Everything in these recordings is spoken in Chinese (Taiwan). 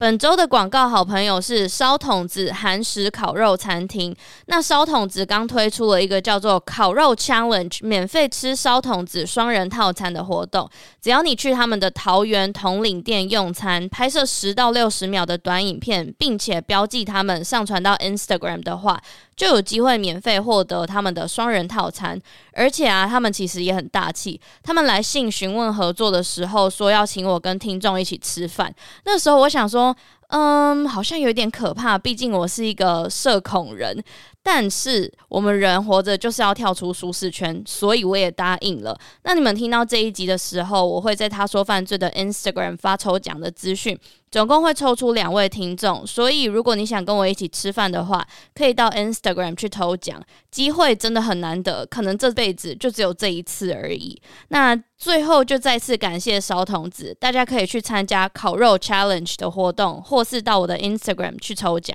本週的廣告好朋友是燒筒子韓食烤肉餐廳。那燒筒子剛推出了一個叫做烤肉 challenge，免費吃燒筒子雙人套餐的活動。只要你去他們的桃園統領店用餐，拍攝十到六十秒的短影片，並且標記他們上傳到 Instagram 的話，就有機會免費獲得他們的雙人套餐。而且啊，他們其實也很大氣，他們來信詢問合作的時候說要請我跟聽眾一起吃飯。那時候我想說。嗯，好像有點可怕。畢竟我是一個社恐人。但是我們人活着就是要跳出舒適圈，所以我也答應了。那你們聽到這一集的時候，我會在他說犯罪的 Instagram 發抽獎的資訊，總共會抽出兩位聽眾。所以如果你想跟我一起吃飯的話，可以到 Instagram 去抽獎，機會真的很難得，可能這輩子就只有這一次而已。那最後就再次感謝燒童子，大家可以去參加烤肉 Challenge 的活動，或是到我的 Instagram 去抽獎。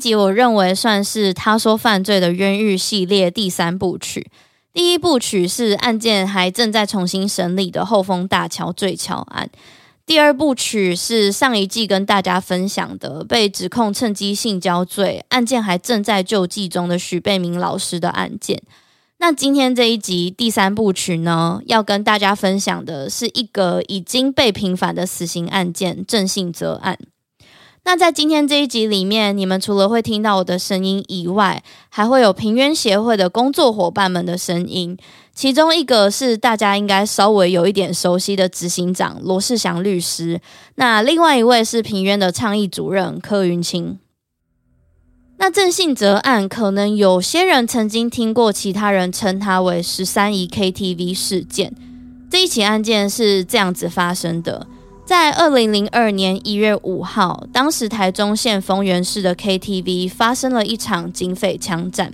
這一集我認為算是他說犯罪的冤獄系列第三部曲，第一部曲是案件還正在重新審理的後豐大橋墜橋案，第二部曲是上一季跟大家分享的被指控趁機性交罪案件還正在救濟中的許貝明老師的案件，那今天這一集第三部曲呢，要跟大家分享的是一個已經被平反的死刑案件鄭性澤案。那在今天這一集裡面，你們除了會聽到我的聲音以外，還會有平冤協會的工作夥伴們的聲音。其中一個是大家應該稍微有一點熟悉的執行長羅世祥律師，那另外一位是平冤的倡議主任柯昀青。那鄭性澤案，可能有些人曾經聽過，其他人稱他為“十三姨 KTV 事件”。這一起案件是這樣子發生的。在二零零二年一月五號，當時台中縣豐原市的 KTV 發生了一場警匪槍戰。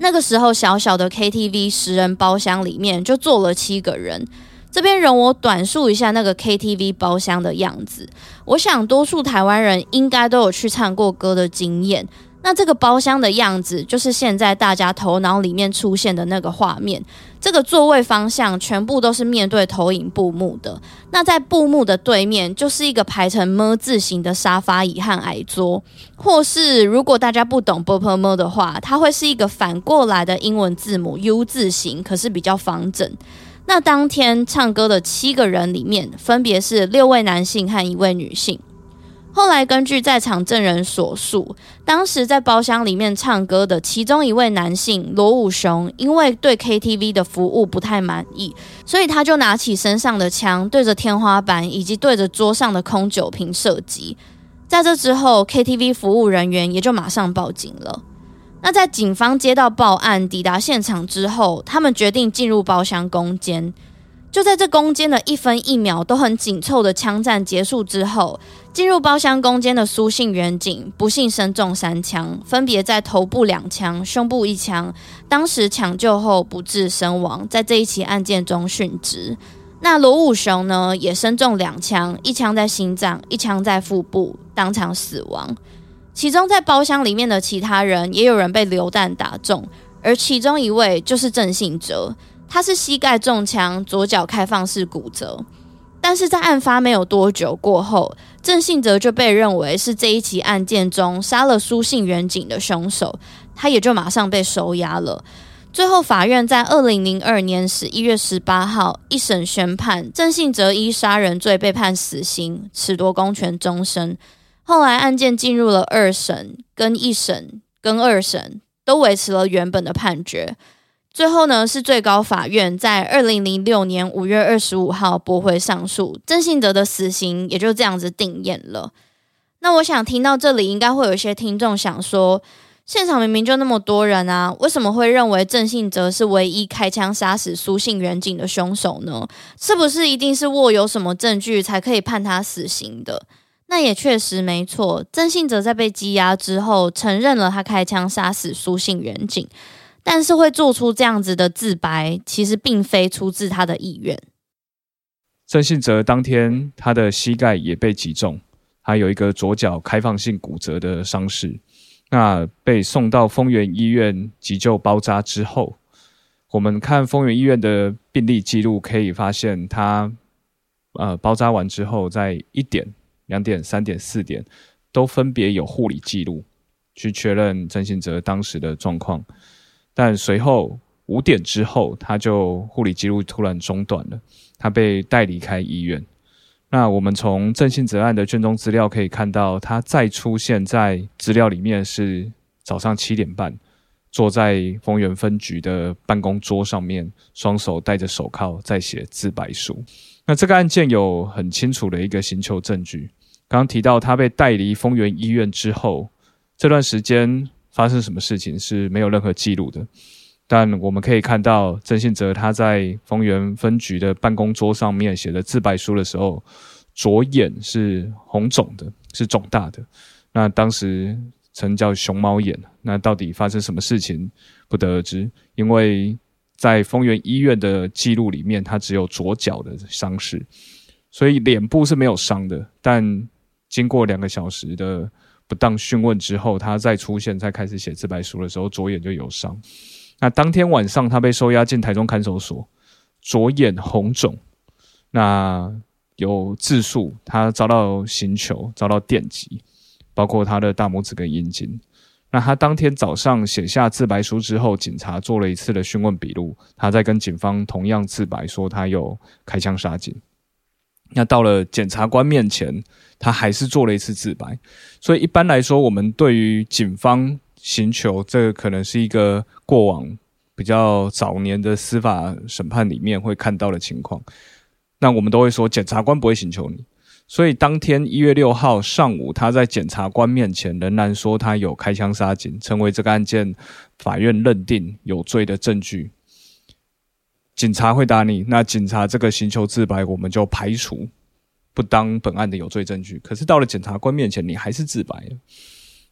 那個時候，小小的 KTV 十人包廂裡面就坐了七個人。這邊容我短述一下那個 KTV 包廂的樣子。我想，多數台灣人應該都有去唱過歌的經驗。那這個包廂的樣子，就是現在大家頭腦裡面出現的那個畫面。這個座位方向全部都是面對投影布幕的。那在布幕的對面，就是一個排成 ㄇ 字形的沙發椅和矮桌，或是如果大家不懂 ㄅㄆㄇ 的話，它會是一個反過來的英文字母 “U” 字形，可是比較方正。那當天唱歌的七個人裡面，分別是六位男性和一位女性。後來根據在場證人所述，當時在包廂裡面唱歌的其中一位男性羅武雄，因為對 KTV 的服務不太滿意，所以他就拿起身上的槍，對着天花板以及對着桌上的空酒瓶射擊。在這之後，KTV 服務人員也就馬上報警了。那在警方接到報案、抵達現場之後，他們決定進入包廂攻堅。就在這攻堅的一分一秒都很緊湊的槍戰結束之後，進入包廂攻堅的蘇姓員警不幸身中三槍，分別在頭部兩槍、胸部一槍，當時搶救後不治身亡，在這一起案件中殉職。那羅武雄呢，也身中兩槍，一槍在心臟，一槍在腹部，當場死亡。其中在包廂裡面的其他人也有人被流彈打中，而其中一位就是鄭性澤。他是膝蓋中槍，左腳開放式骨折，但是在案發沒有多久過後，鄭性澤就被認為是這一起案件中殺了蘇姓員警的兇手，他也就馬上被收押了。最後，法院在二零零二年十一月十八號一審宣判，鄭性澤因殺人罪被判死刑，褫奪公權終身。後來，案件進入了二審，跟一審跟二審都維持了原本的判決。最後呢，是最高法院在二零零六年五月二十五號駁回上訴，鄭性澤的死刑也就這樣子定讞了。那我想聽到這裡，應該會有一些聽眾想說：現場明明就那麼多人啊，為什麼會認為鄭性澤是唯一開槍殺死蘇姓員警的兇手呢？是不是一定是握有什麼證據才可以判他死刑的？那也確實沒錯。鄭性澤在被羈押之後，承認了他開槍殺死蘇姓員警。但是會做出這樣子的自白，其實並非出自他的意願。鄭性澤當天，他的膝蓋也被擊中，還有一個左腳開放性骨折的傷勢。那被送到豐原醫院急救包扎之後，我們看豐原醫院的病歷記錄，可以發現他，呃，包扎完之後，在一點、兩點、三點、四點，都分別有護理記錄，去確認鄭性澤當時的狀況。但隨後五點之後，他就護理記錄突然中斷了，他被帶離開醫院。那我們從鄭性澤案的卷宗資料可以看到，他再出現在資料裡面是早上七點半，坐在豐原分局的辦公桌上面，雙手戴着手銬在寫自白書。那這個案件有很清楚的一個刑求證據。剛剛提到他被帶離豐原醫院之後，這段時間。發生什麼事情是沒有任何記錄的，但我們可以看到鄭性澤他在豐原分局的辦公桌上面寫了自白書的時候，左眼是紅腫的，是腫大的。那當時曾叫熊貓眼。那到底發生什麼事情不得而知，因為在豐原醫院的記錄裡面，他只有左腳的傷勢，所以臉部是沒有傷的。但經過兩個小時的不當訊問之後，他再出現、再開始寫自白書的時候，左眼就有傷。那當天晚上，他被收押進台中看守所，左眼紅腫。那有自述，他遭到刑求，遭到電擊，包括他的大拇指跟陰莖。那他當天早上寫下自白書之後，警察做了一次的訊問筆錄，他在跟警方同樣自白說，他有開槍殺警。那到了檢察官面前，他還是做了一次自白。所以一般來說，我們對於警方刑求，這個可能是一個過往比較早年的司法審判裡面會看到的情況。那我們都會說，檢察官不會刑求你。所以當天一月六號上午，他在檢察官面前仍然說他有開槍殺警，成為這個案件法院認定有罪的證據。警察會打你，那警察這個刑求自白，我們就排除不當本案的有罪證據。可是到了檢察官面前，你還是自白。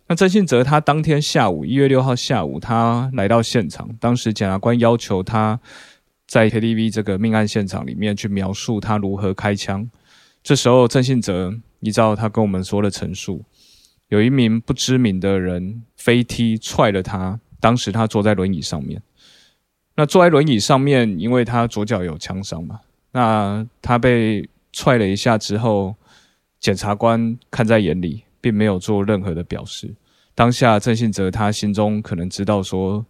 那鄭性澤他當天下午一月六號下午，他來到現場，當時檢察官要求他在 KTV 這個命案現場裡面去描述他如何開槍。這時候鄭性澤依照他跟我們說的陳述，有一名不知名的人飛踢踹了他，當時他坐在輪椅上面。那坐在輪椅上面，因為他左腳有槍傷嘛。那他被踹了一下之後，檢察官看在眼裡，並沒有做任何的表示。當下鄭性澤他心中可能知道說，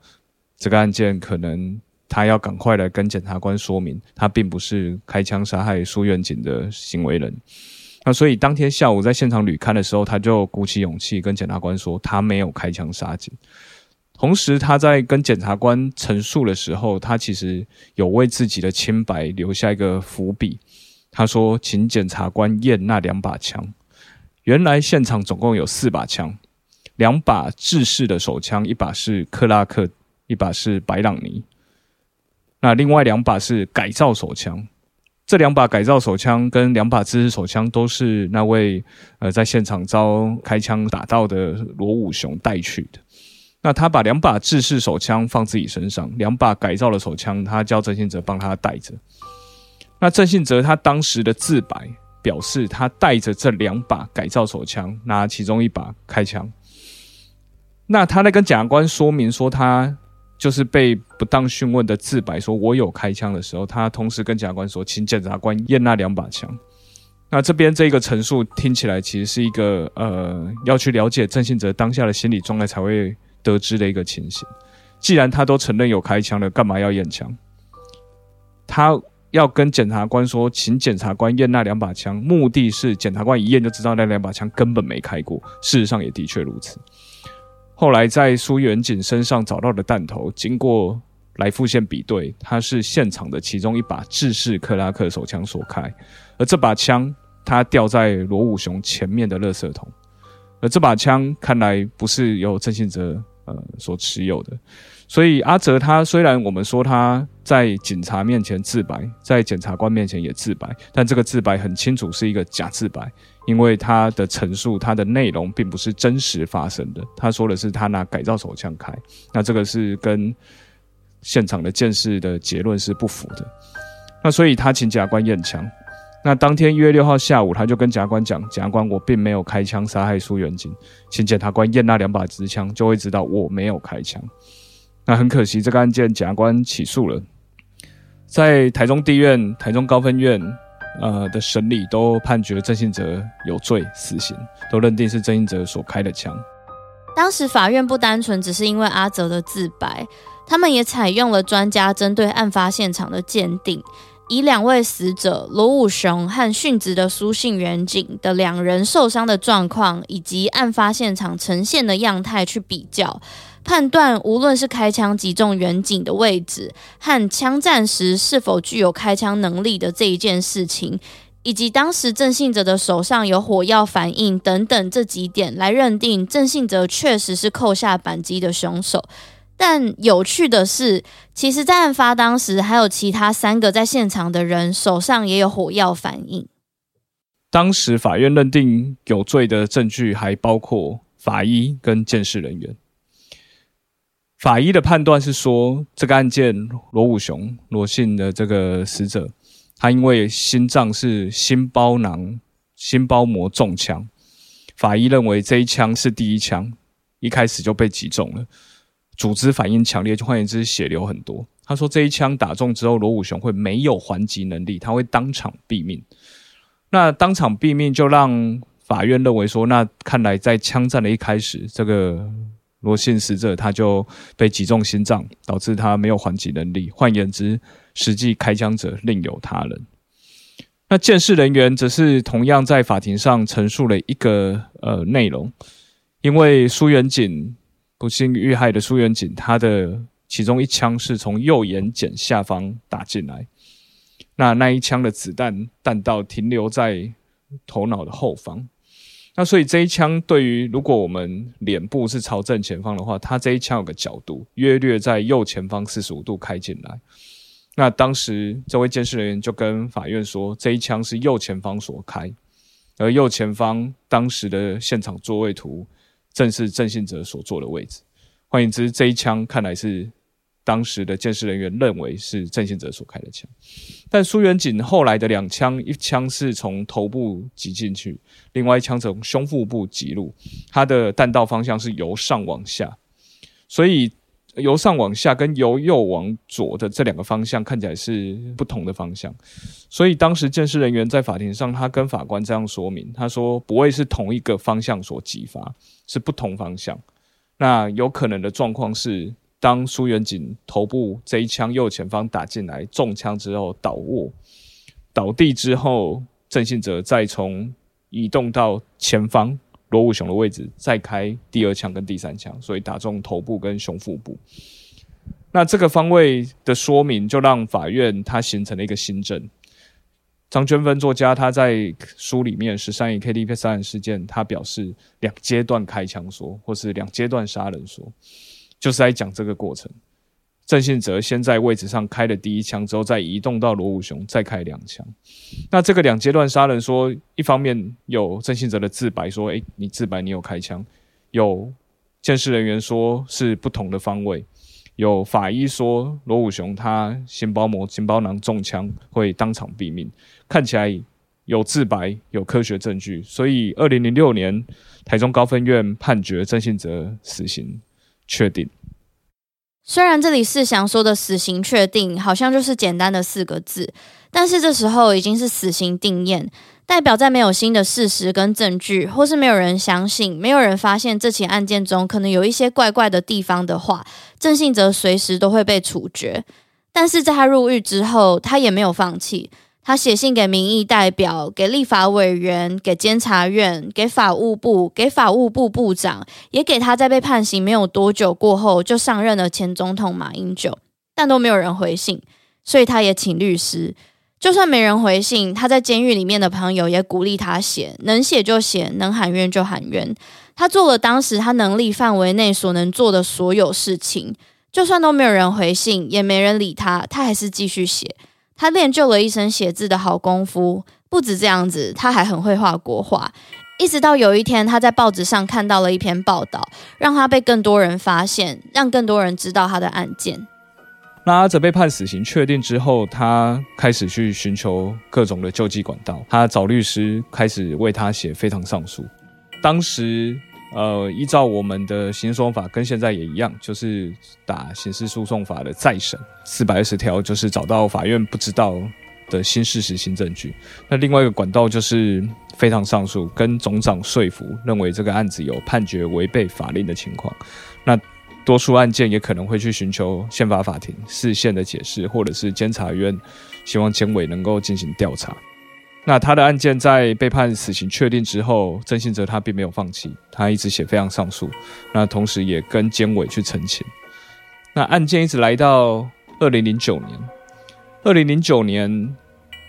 這個案件可能他要趕快來跟檢察官說明，他並不是開槍殺害蘇員警的行為人。那所以當天下午在現場履勘的時候，他就鼓起勇氣跟檢察官說，他沒有開槍殺警。同時，他在跟檢察官陳述的時候，他其實有為自己的清白留下一個伏筆。他說：“請檢察官驗那兩把槍。原來現場總共有四把槍，兩把制式的手槍，一把是克拉克，一把是白朗尼。那另外兩把是改造手槍。這兩把改造手槍跟兩把制式手槍，都是那位呃在現場遭開槍打到的羅武雄帶去的。”那他把兩把制式手槍放自己身上，兩把改造的手槍，他叫鄭性澤幫他帶着。那鄭性澤他當時的自白表示，他帶着這兩把改造手槍，拿其中一把開槍。那他在跟檢察官說明說，他就是被不當訊問的自白，說我有開槍的時候，他同時跟檢察官說，請檢察官驗那兩把槍。那這邊這個陳述聽起來其實是一個呃，要去了解鄭性澤當下的心理狀態才會。得知的一個情形，既然他都承認有開槍了，幹嘛要驗槍？他要跟檢察官說，請檢察官驗那兩把槍，目的是檢察官一驗就知道那兩把槍根本沒開過，事實上也的確如此。後來在蘇元錦身上找到的彈頭，經過來復線比對，它是現場的其中一把制式克拉克手槍所開，而這把槍它掉在羅武雄前面的垃圾桶，而這把槍看來不是由鄭性澤。呃，所持有的，所以阿澤他雖然我們說他在警察面前自白，在檢察官面前也自白，但這個自白很清楚是一個假自白，因為他的陳述，他的內容並不是真實發生的。他說的是他拿改造手槍開，那這個是跟現場的鑑識的結論是不符的。那所以他請檢察官驗槍。那當天一月六號下午，他就跟檢察官講：“檢察官，我並沒有開槍殺害蘇元景。請檢察官驗那兩把支槍，就會知道我沒有開槍。”那很可惜，這個案件檢察官起訴了，在台中地院、台中高分院，呃的審理都判決鄭性澤有罪，死刑，都認定是鄭性澤所開的槍。當時法院不單純只是因為阿澤的自白，他們也採用了專家針對案發現場的鑑定。以兩位死者羅武雄和殉職的蘇信遠景蘇姓員警的兩人受傷的狀況，以及案發現場呈現的樣態去比較判斷，無論是開槍擊中員警的位置和槍戰時是否具有開槍能力的這一件事情，以及當時鄭性澤的手上有火藥反應等等這幾點來認定鄭性澤確實是扣下扳機的兇手。但有趣的是，其實，在案發當時，還有其他三個在現場的人手上也有火藥反應。當時法院認定有罪的證據還包括法醫跟鑑識人員。法醫的判斷是說，這個案件羅武雄、羅姓的這個死者，他因為心臟是心包囊、心包膜中槍，法醫認為這一槍是第一槍，一開始就被擊中了。組織反應強烈，就換言之，血流很多。他說，這一槍打中之後，羅武雄會沒有還擊能力，他會當場斃命。那當場斃命就讓法院認為說，那看來在槍戰的一開始，這個羅姓死者他就被擊中心臟，導致他沒有還擊能力。換言之，實際開槍者另有他人。那鑑識人員則是同樣在法庭上陳述了一個呃內容，因為蘇員警。不幸遇害的蘇元錦，他的其中一槍是從右眼瞼下方打進來，那那一槍的子彈彈道停留在頭腦的後方，那所以這一槍對於如果我們臉部是朝正前方的話，他這一槍有個角度，約略在右前方四十五度開進來。那當時這位鑑識人員，就跟法院說，這一槍是右前方所開，而右前方當時的現場座位圖，正是鄭性澤所坐的位置。換言之，這一槍看來是當時的鑑識人員認為是鄭性澤所開的槍。但蘇元錦後來的兩槍，一槍是從頭部擊進去，另外一槍從胸腹部擊入。他的彈道方向是由上往下，所以由上往下跟由右往左的這兩個方向看起來是不同的方向。所以當時鑑識人員在法庭上，他跟法官這樣說明：他說不會是同一個方向所擊發。是不同方向，那有可能的狀況是，當蘇元錦頭部這一槍右前方打進來中槍之後倒臥，倒地之後，鄭性澤再從移動到前方羅武雄的位置，再開第二槍跟第三槍，所以打中頭部跟胸腹部。那這個方位的說明，就讓法院它形成了一個心證。張娟芬作家，他在書裡面《十三姨 KTV 殺人事件》，他表示兩階段開槍說，或是兩階段殺人說，就是在講這個過程。鄭性澤先在位置上開了第一槍，之後再移動到羅武雄，再開兩槍。那這個兩階段殺人說，一方面有鄭性澤的自白說，誒，你自白你有開槍，有鑑識人員說是不同的方位。有法醫說羅武雄他心包膜心包囊中槍會當場斃命，看起來有自白有科學證據，所以二零零六年台中高分院判決鄭性澤死刑確定。雖然這裡是想說的死刑確定好像就是簡單的四個字，但是這時候已經是死刑定讞代表在沒有新的事實跟證據，或是沒有人相信，沒有人發現這起案件中可能有一些怪怪的地方的話，鄭性澤隨時都會被處決。但是在他入獄之後，他也沒有放棄，他寫信給民意代表、給立法委員、給監察院、給法務部、給法務部部長，也給他在被判刑沒有多久過後就上任了前總統馬英九，但都沒有人回信，所以他也請律師。就算沒人回信，他在監獄裡面的朋友也鼓勵他寫，能寫就寫，能喊冤就喊冤。他做了當時他能力範圍內所能做的所有事情，就算都沒有人回信，也沒人理他，他還是繼續寫。他練就了一身寫字的好功夫。不止這樣子，他還很會畫國畫。一直到有一天，他在報紙上看到了一篇報道，讓他被更多人發現，讓更多人知道他的案件。那阿哲被判死刑確定之後，他開始去尋求各種的救濟管道。他找律師，開始為他寫非常上訴。當時，呃，依照我們的刑事訴訟法，跟現在也一樣，就是打刑事訴訟法的再審四百二十條，就是找到法院不知道的新事實、新證據。那另外一個管道就是非常上訴，跟總長說服，認為這個案子有判決違背法令的情況。那多數案件也可能會去尋求憲法法庭釋憲的解釋，或者是監察院希望監委能夠進行調查。那他的案件在被判死刑確定之後，鄭性澤他並沒有放棄，他一直寫非常上訴。那同時也跟監委去澄清。那案件一直來到二零零九年。二零零九年，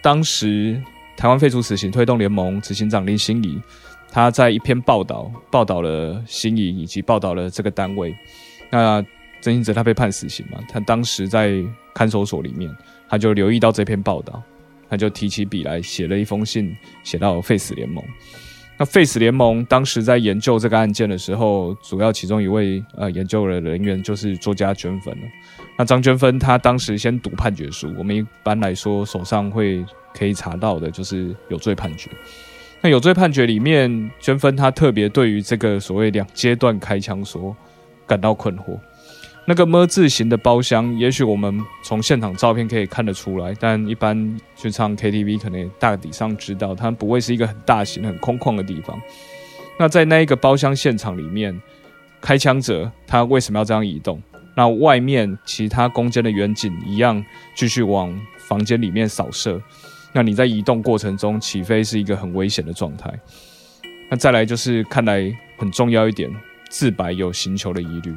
當時台灣廢除死刑推動聯盟執行長林心怡，他在一篇報道報道了心怡以及報道了這個單位。那鄭性澤他被判死刑嘛，他當時在看守所裡面，他就留意到這篇報道，他就提起筆來寫了一封信，寫到廢死聯盟。那廢死聯盟當時在研究這個案件的時候，主要其中一位呃研究的人員就是作家娟芬。那張娟芬她當時先讀判決書，我們一般來說手上會可以查到的就是有罪判決。那有罪判決裡面，娟芬她特別對於這個所謂兩階段開槍說感到困惑。那個麼字形的包廂，也許我們從現場照片可以看得出來，但一般去唱 KTV，可能大抵上知道它不會是一個很大型、很空曠的地方。那在那一個包廂現場裡面，開槍者他為什麼要這樣移動？那外面其他攻堅的員警一樣繼續往房間裡面掃射。那你在移動過程中起飛是一個很危險的狀態。那再來就是，看來很重要一點。自白有刑求的疑慮，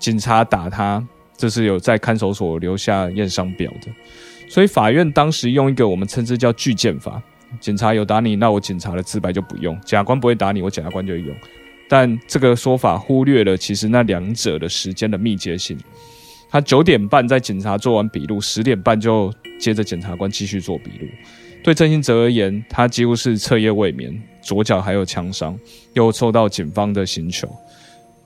警察打他，這是有在看守所留下驗傷表的，所以法院當時用一個我們稱之叫拒鑑法，警察有打你，那我警察的自白就不用，檢察官不會打你，我檢察官就用。但這個說法忽略了其實那兩者的時間的密接性，他九點半在警察做完筆錄，十點半就接着檢察官繼續做筆錄。對鄭性澤而言，他幾乎是徹夜未眠，左腳還有槍傷，又受到警方的刑求。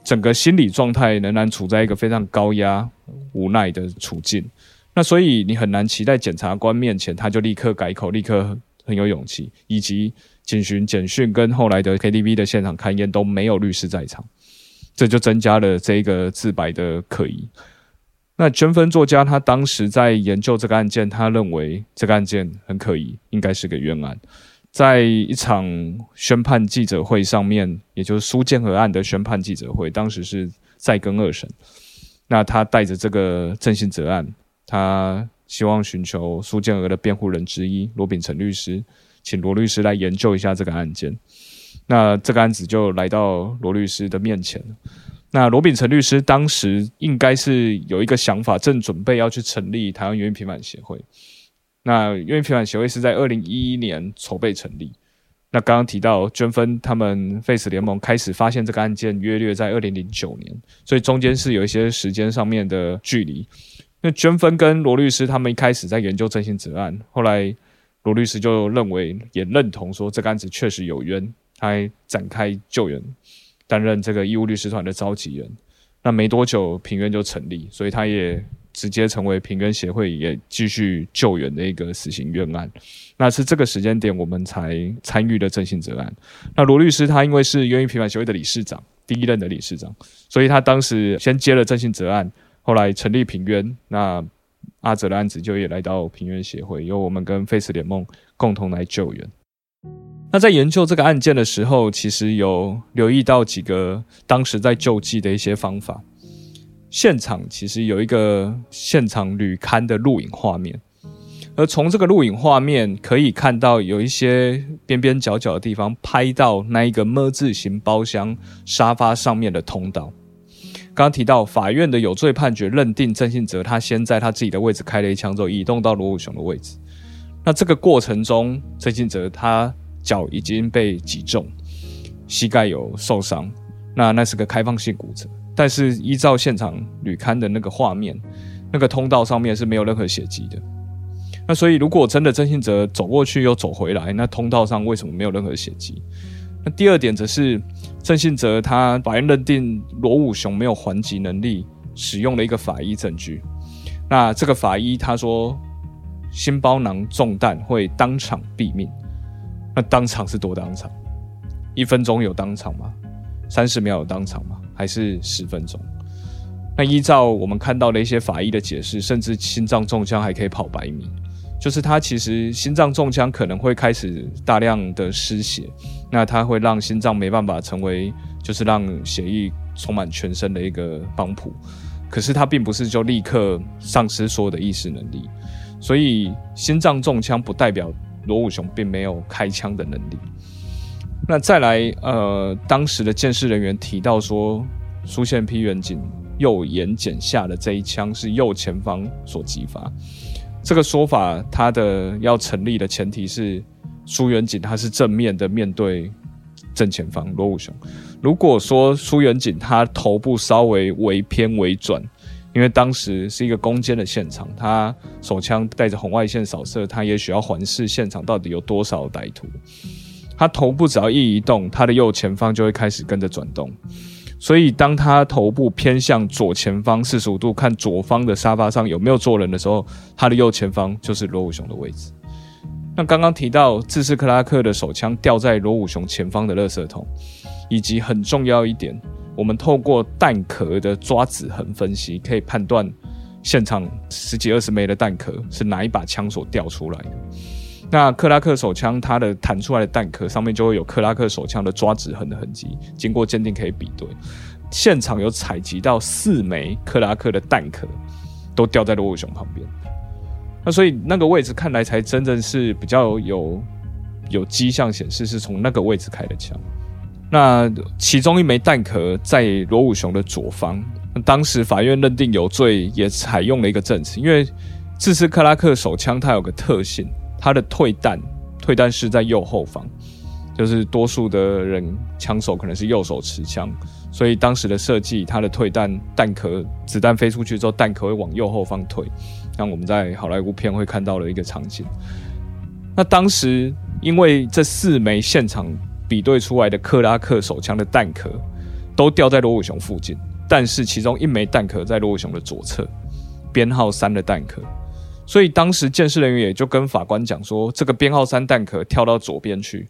整個心理狀態仍然處在一個非常高壓、無奈的處境，那所以你很難期待檢察官面前他就立刻改口，立刻很有勇氣。以及警詢、檢訊跟後來的 KTV 的現場勘驗都沒有律師在場，這就增加了這一個自白的可疑。那娟芬作家他當時在研究這個案件，他認為這個案件很可疑，應該是個冤案。在一場宣判記者會上面，也就是蘇建和案的宣判記者會，當時是再更二審。那他帶着這個鄭性澤案，他希望尋求蘇建和的辯護人之一羅秉成律師，請羅律師來研究一下這個案件。那這個案子就來到羅律師的面前。那羅秉成律師當時應該是有一個想法，正準備要去成立台灣冤獄平反協會。那因為平冤協會是在二零一一年籌備成立，那剛剛提到娟芬他們廢死聯盟開始發現這個案件，約略在二零零九年，所以中間是有一些時間上面的距離。那娟芬跟羅律師他們一開始在研究鄭性澤案，後來羅律師就認為也認同說這個案子確實有冤，他還展開救援，擔任這個義務律師團的召集人。那沒多久平冤就成立，所以他也直接成為平冤協會也繼續救援的一個死刑冤案，那是這個時間點我們才參與了鄭性澤案。那羅律師他因為是冤獄平反協會的理事長，第一任的理事長，所以他當時先接了鄭性澤案，後來成立平冤。那阿澤的案子就也來到平冤協會，由我們跟廢死聯盟共同來救援。那在研究這個案件的時候，其實有留意到幾個當時在救濟的一些方法。現場其實有一個現場履勘的錄影畫面，而從這個錄影畫面可以看到，有一些邊邊角角的地方拍到那一個“麼”字形包廂沙發上面的通道。剛剛提到法院的有罪判決認定鄭性澤他先在他自己的位置開了一槍，之後移動到羅武雄的位置。那這個過程中，鄭性澤他腳已經被擊中，膝蓋有受傷，那那是個開放性骨折。但是依照現場履勘的那個畫面，那個通道上面是沒有任何血跡的。那所以如果真的鄭性澤走過去又走回來，那通道上為什麼沒有任何血迹？那第二點則是鄭性澤他法院認定羅武雄沒有還擊能力，使用了一個法醫證據。那這個法醫他說心包囊中彈會當場斃命，那當場是多當場？一分鐘有當場嗎？三十秒有當場嗎？還是十分鐘？那依照我們看到的一些法醫的解釋，甚至心臟中槍還可以跑百米，就是他其實心臟中槍可能會開始大量的失血，那他會讓心臟沒辦法成為，就是讓血液充滿全身的一個幫浦。可是他並不是就立刻喪失所有的意識能力，所以心臟中槍不代表羅武雄並沒有開槍的能力。那再來，呃，當時的鑑識人員提到說，蘇憲丕員警右眼瞼下的這一槍是右前方所擊發。這個說法，它的要成立的前提是，蘇員警他是正面的面對正前方羅武雄。如果說蘇員警他頭部稍微微偏微轉，因為當時是一個攻堅的現場，他手槍帶着紅外線掃射，他也許要環視現場到底有多少歹徒。他頭部只要一移動，他的右前方就會開始跟着轉動。所以，當他頭部偏向左前方四十五度，看左方的沙發上有沒有坐人的時候，他的右前方就是羅武雄的位置。那剛剛提到，制式克拉克的手槍掉在羅武雄前方的垃圾桶，以及很重要一點，我們透過彈殼的抓指痕分析，可以判斷現場十幾二十枚的彈殼是哪一把槍所掉出來的。那克拉克手槍，它的彈出來的彈殼上面就會有克拉克手槍的抓指痕的痕跡。經過鑑定可以比對，現場有採集到四枚克拉克的彈殼，都掉在羅武雄旁邊。那所以那個位置看來才真正是比較有有跡象顯示是從那個位置開的槍。那其中一枚彈殼在羅武雄的左方，當時法院認定有罪也採用了一個證詞，因為這是克拉克手槍，它有個特性。它的退彈退彈是在右後方，就是多數的人槍手可能是右手持槍，所以當時的設計，它的退彈彈殼子彈飛出去之後，彈殼會往右後方退，像我們在好萊塢片會看到的一個場景。那當時因為這四枚現場比對出來的克拉克手槍的彈殼都掉在羅武雄附近，但是其中一枚彈殼在羅武雄的左側，編號三的彈殼。所以當時鑑識人員也就跟法官講說：“這個編號三彈殼跳到左邊去，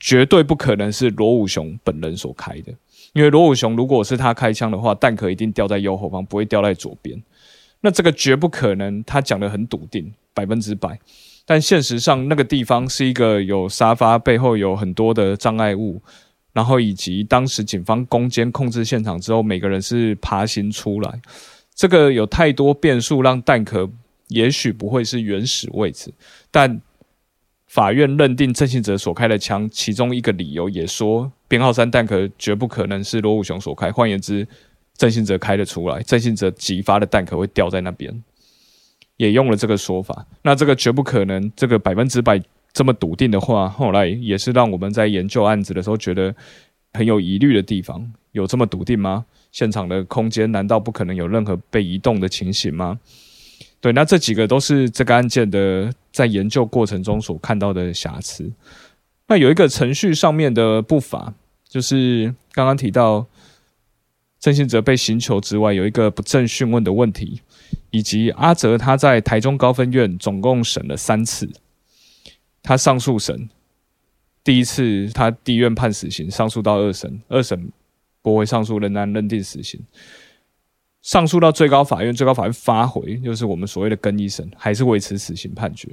絕對不可能是羅武雄本人所開的。因為羅武雄如果是他開槍的話，彈殼一定掉在右後方，不會掉在左邊。那這個絕不可能。”他講得很篤定，百分之百。但現實上，那個地方是一個有沙發背後有很多的障礙物，然後以及當時警方攻堅控制現場之後，每個人是爬行出來，這個有太多變數，讓彈殼。也許不會是原始位置，但法院認定鄭性澤所開的槍，其中一個理由也說，編號三彈殼絕不可能是羅武雄所開。換言之，鄭性澤開得出來，鄭性澤即發的彈殼會掉在那邊，也用了這個說法。那這個絕不可能，這個百分之百這麼篤定的話，後來也是讓我們在研究案子的時候覺得很有疑慮的地方。有這麼篤定嗎？現場的空間難道不可能有任何被移動的情形嗎？對，那這幾個都是這個案件的在研究過程中所看到的瑕疵。那有一個程序上面的不法，就是剛剛提到鄭性澤被刑求之外，有一個不正訊問的問題，以及阿澤他在台中高分院總共審了三次，他上訴審，第一次他地院判死刑，上訴到二審，二審駁回上訴，仍然，然認定死刑。上訴到最高法院，最高法院發回，就是我們所謂的更一審，還是維持死刑判決。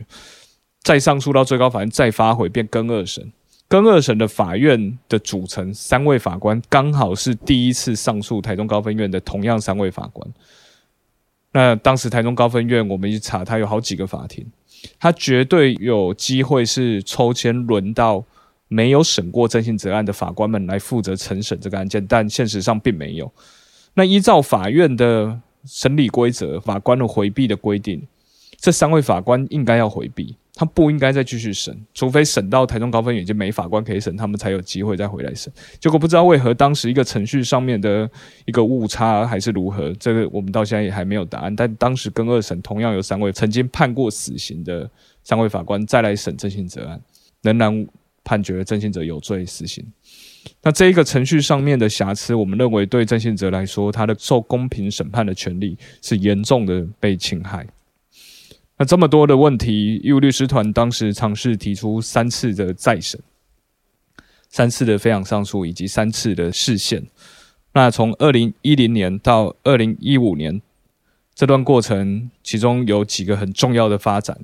再上訴到最高法院，再發回，變更二審。更二審的法院的組成，三位法官剛好是第一次上訴台中高分院的同樣三位法官。那當時台中高分院，我們一查，他有好幾個法庭，他絕對有機會是抽籤輪到沒有審過鄭性澤案的法官們來負責承審這個案件，但現實上並沒有。那依照法院的審理規則，法官的回避的規定，這三位法官應該要回避，他不應該再繼續審，除非審到台中高分院已經沒法官可以審，他們才有機會再回來審。結果不知道為何當時一個程序上面的一個誤差還是如何，這個我們到現在也還沒有答案。但當時跟二審同樣有三位曾經判過死刑的三位法官再來審鄭性澤案，仍然判決了鄭性澤有罪死刑。那這一個程序上面的瑕疵，我們認為對鄭性澤來說，他的受公平審判的權利是嚴重的被侵害。那這麼多的問題，義務律師團當時嘗試提出三次的再審、三次的非常上訴以及三次的釋憲。那從二零一零年到二零一五年這段過程，其中有幾個很重要的發展。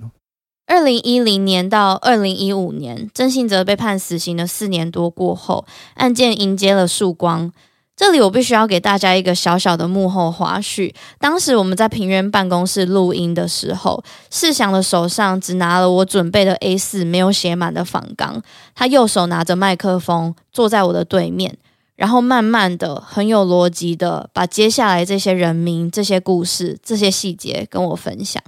二零一零年到二零一五年，鄭性澤被判死刑的四年多過後，案件迎接了曙光。這裡我必須要給大家一個小小的幕後花絮：當時我們在平冤辦公室錄音的時候，士翔的手上只拿了我準備的 A4 沒有寫滿的訪綱，他右手拿着麥克風坐在我的對面，然後慢慢的、很有邏輯的把接下來這些人名、這些故事、這些細節跟我分享。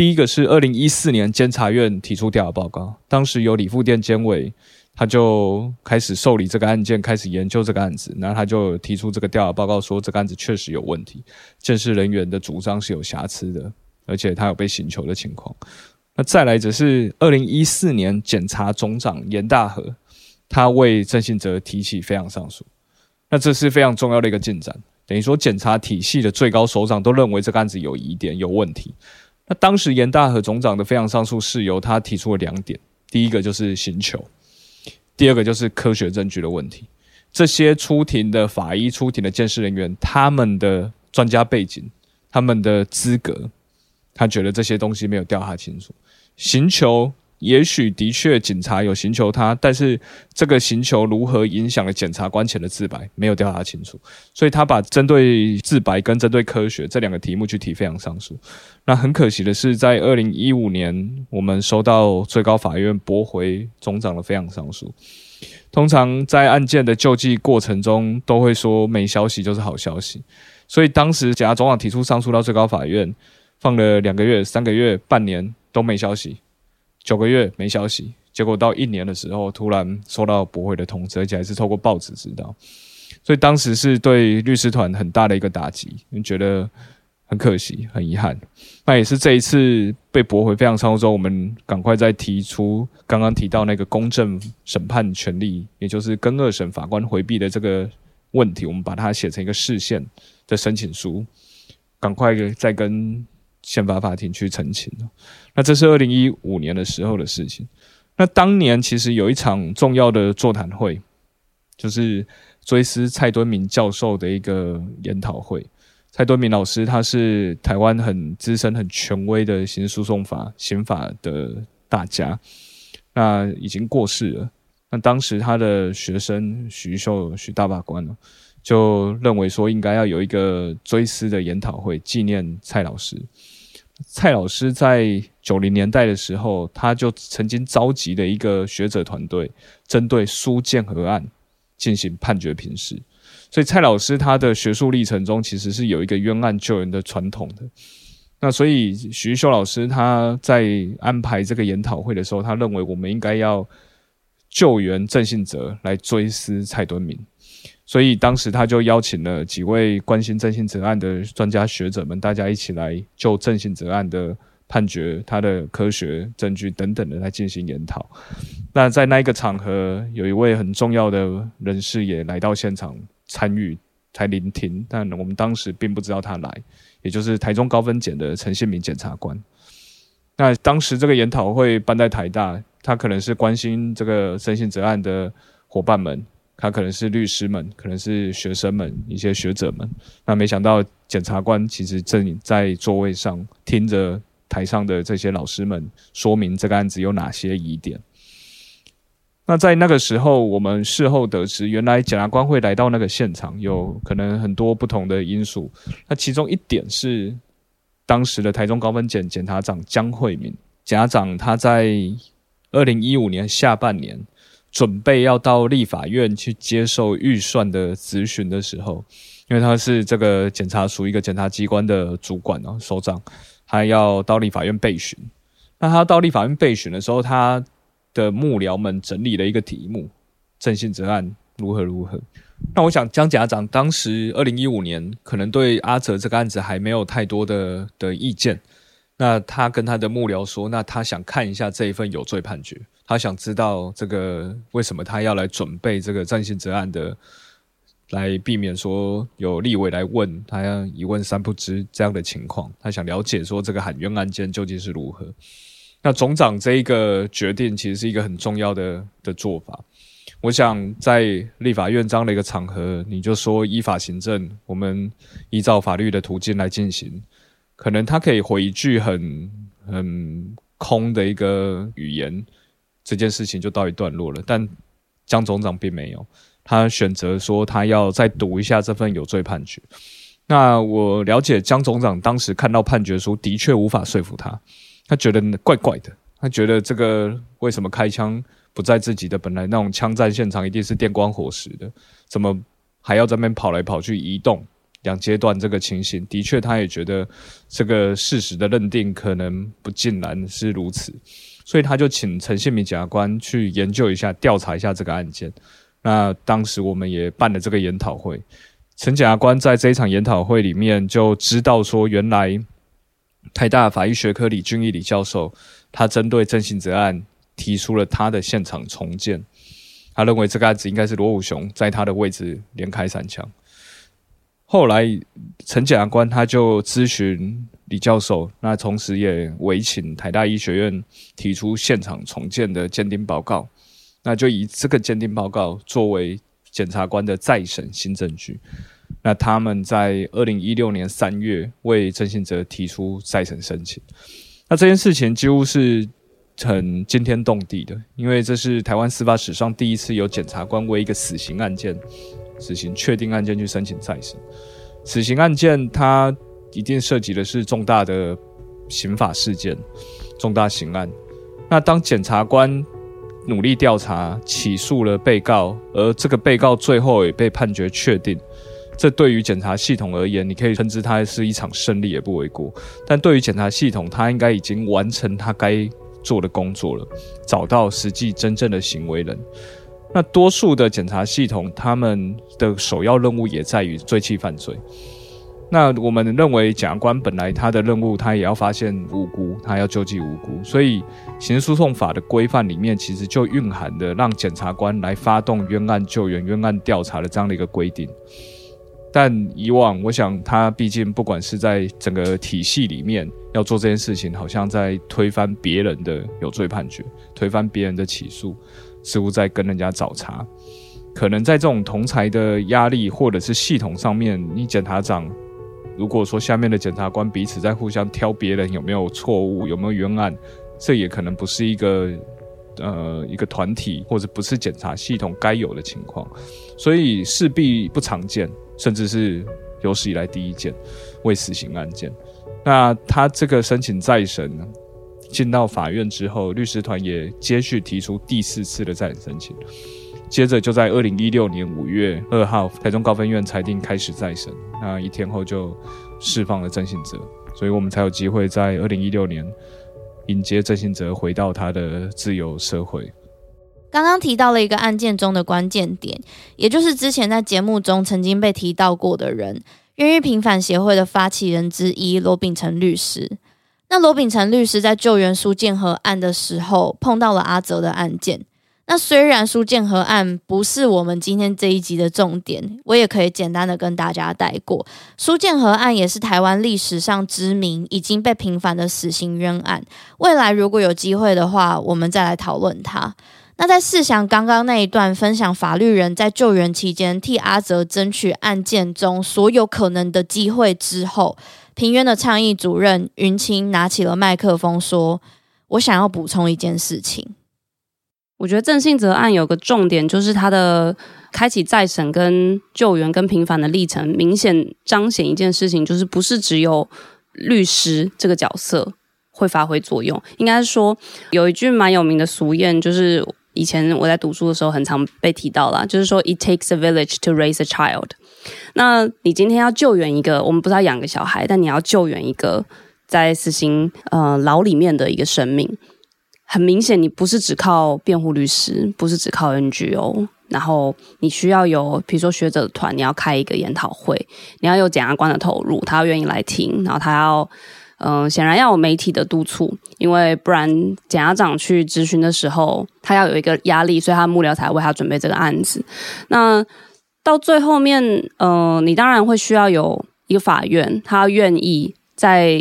第一個是二零一四年監察院提出調查報告，當時由李復甸監委，他就開始受理這個案件，開始研究這個案子，那他就提出這個調查報告說這個案子確實有問題，鑑識人員的主張是有瑕疵的，而且他有被刑求的情況。那再來則是二零一四年檢察總長顏大和，他為鄭性澤提起非常上訴，那這是非常重要的一個進展，等於說檢察體系的最高首長都認為這個案子有疑點有問題。那當時顏大和總長的非常上訴事由，他提出了兩點：第一個就是刑求，第二個就是科學證據的問題。這些出庭的法醫、出庭的鑑識人員，他們的專家背景、他們的資格，他覺得這些東西沒有調查清楚，刑求。也許的確，警察有刑求他，但是這個刑求如何影響了檢察官前的自白，沒有調查清楚，所以他把針對自白跟針對科學這兩個題目去提非常上訴。那很可惜的是，在二零一五年，我們收到最高法院駁回總長的非常上訴。通常在案件的救濟過程中，都會說沒消息就是好消息，所以當時檢察總長提出上訴到最高法院，放了兩個月、三個月、半年都沒消息。九個月沒消息，結果到一年的時候，突然收到駁回的通知，而且還是透過報紙知道，所以當時是對律師團很大的一個打擊，覺得很可惜、很遺憾。那也是這一次被駁回非常倉促，我們趕快再提出剛剛提到那個公正審判權利，也就是跟二審法官回避的這個問題，我們把它寫成一個釋憲的申請書，趕快再跟。憲法法庭去澄清，那這是二零一五年的時候的事情。那當年其實有一場重要的座談會，就是追思蔡墩銘教授的一個研討會。蔡墩銘老師他是台灣很資深、很權威的刑事訴訟法、刑法的大家，那已經過世了。那當時他的學生許秀、許大法官就認為說應該要有一個追思的研討會，紀念蔡老師。蔡老師在九零年代的時候，他就曾經召集的一個學者團隊，針對蘇建和案進行判決評釋。所以蔡老師他的學術歷程中，其實是有一個冤案救援的傳統的。的那所以徐秀老師他在安排這個研討會的時候，他認為我們應該要救援鄭性澤來追思蔡敦明。所以當時他就邀請了幾位關心鄭性澤案的專家學者們，大家一起來就鄭性澤案的判決、他的科學證據等等的來進行研討。那在那個場合，有一位很重要的人士也來到現場參與才聆聽，但我們當時並不知道他來，也就是台中高分檢的陳憲民檢察官。那當時這個研討會辦在台大，他可能是關心這個鄭性澤案的夥伴們。他可能是律師們，可能是學生們，一些學者們。那沒想到，檢察官其實正在座位上聽着台上的這些老師們說明這個案子，有哪些疑點。那在那個時候，我們事後得知，原來檢察官會來到那個現場，有可能很多不同的因素。那其中一點是，當時的台中高分檢檢察長江惠民，檢察長他在二零一五年下半年。準備要到立法院去接受預算的質詢的時候，因為他是這個檢察署一個檢察機關的主管啊，首長，他要到立法院備詢。那他到立法院備詢的時候，他的幕僚們整理了一個題目：鄭性澤案如何如何？那我想江，江檢察長當時二零一五年可能對阿澤這個案子還沒有太多的的意見。那他跟他的幕僚說，那他想看一下這一份有罪判決。他想知道這個為什麼他要來準備這個鄭性澤案的，來避免說有立委來問他要一問三不知這樣的情況。他想了解說這個喊冤案件究竟是如何。那總長這一個決定其實是一個很重要的的做法。我想在立法院這樣的一個場合，你就說，依法行政，我們依照法律的途徑來進行，可能他可以回一句很很空的一個語言。這件事情就告一段落了，但江總長並沒有，他選擇說他要再讀一下這份有罪判決。那我了解江總長當時看到判決書，的確無法說服他，他覺得怪怪的，他覺得這個為什麼開槍不在自己的本來那種槍戰現場，一定是電光火石的，怎麼還要在那邊跑來跑去移動兩階段？這個情形的確，他也覺得這個事實的認定可能不盡然是如此。所以他就請陳憲民檢察官去研究一下，調查一下這個案件。那當時我們也辦了這個研討會，陳檢察官在這一場研討會裡面就知道說，原來台大法醫學科李俊義李教授，他針對鄭性澤案提出了他的現場重建，他認為這個案子應該是羅武雄在他的位置連開三槍。後來陳檢察官他就諮詢。李教授，那同時也委請台大醫學院提出現場重建的鑑定報告，那就以這個鑑定報告作為檢察官的再審新證據。那他們在二零一六年三月為鄭性澤提出再審申請。那這件事情幾乎是很驚天動地的，因為這是台灣司法史上第一次由檢察官為一個死刑案件、死刑確定案件去申請再審。死刑案件他一定涉及的是重大的刑法事件、重大刑案。那當檢察官努力調查、起訴了被告，而這個被告最後也被判決確定，這對於檢察系統而言，你可以稱之它是一場勝利也不為過。但對於檢察系統，它應該已經完成它該做的工作了，找到實際真正的行為人。那多數的檢察系統，他們的首要任務也在於追緝犯罪。那我們認為，檢察官本來他的任務，他也要發現無辜，他要救濟無辜，所以刑事訴訟法的規範裡面，其實就蘊含着讓檢察官來發動冤案救援、冤案調查的這樣的一個規定。但以往，我想他畢竟不管是在整個體系裡面要做這件事情，好像在推翻別人的有罪判決、推翻別人的起訴，似乎在跟人家找茬。可能在這種同儕的壓力，或者是系統上面，你檢察長。如果說下面的檢察官彼此在互相挑別人有沒有錯誤，有沒有冤案，這也可能不是一個，呃，一個團體或者不是檢察系統該有的情況，所以勢必不常見，甚至是有史以來第一件未死刑案件。那他這個申請再審呢進到法院之後，律師團也接續提出第四次的再審申請。接着就在二零一六年五月二號，台中高分院裁定開始再審，那一天後就釋放了鄭性澤，所以我們才有機會在二零一六年迎接鄭性澤回到他的自由社會。剛剛提到了一個案件中的關鍵點，也就是之前在節目中曾經被提到過的人，冤獄平反協會的發起人之一羅秉成律師。那羅秉成律師在救援蘇建和案的時候，碰到了阿澤的案件。那雖然蘇建和案不是我們今天這一集的重點，我也可以簡單的跟大家帶過。蘇建和案也是台灣歷史上知名、已經被平反的死刑冤案。未來如果有機會的話，我們再來討論它。那在試想剛剛那一段分享法律人在救援期間替阿澤爭取案件中所有可能的機會之後，平冤的倡議主任云清拿起了麥克風，說：“我想要補充一件事情。”我覺得鄭性澤案有個重點，就是他的開啟再審、跟救援、跟平反的歷程，明顯彰顯一件事情，就是不是只有律師這個角色會發揮作用。應該說，有一句蠻有名的俗諺，就是以前我在讀書的時候很常被提到啦，就是說 “It takes a village to raise a child”。那你今天要救援一個，我們不知道要養個小孩，但你要救援一個在死刑呃牢裡面的一個生命。很明顯，你不是只靠辯護律師，不是只靠 NGO，然後你需要有，比如說學者團，你要開一個研討會，你要有檢察官的投入，他要願意來聽，然後他要，嗯、呃，顯然要有媒體的督促，因為不然檢察長去諮詢的時候，他要有一個壓力，所以他幕僚才為他準備這個案子。那到最後面，嗯、呃，你當然會需要有一個法院，他願意在。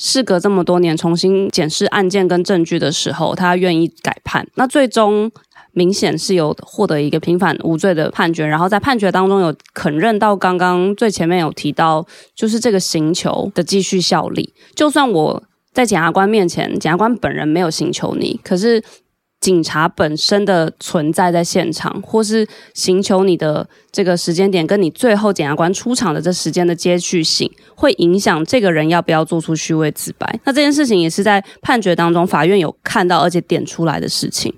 事隔這麼多年，重新檢視案件跟證據的時候，他願意改判。那最終明顯是有獲得一個平反無罪的判決。然後在判決當中有肯認到，剛剛最前面有提到，就是這個刑求的繼續效力。就算我在檢察官面前，檢察官本人沒有刑求你，可是。警察本身的存在在現場，或是刑求你的這個時間點，跟你最後檢察官出場的這時間的接續性，會影響這個人要不要做出虛偽自白。那這件事情也是在判決當中，法院有看到而且點出來的事情。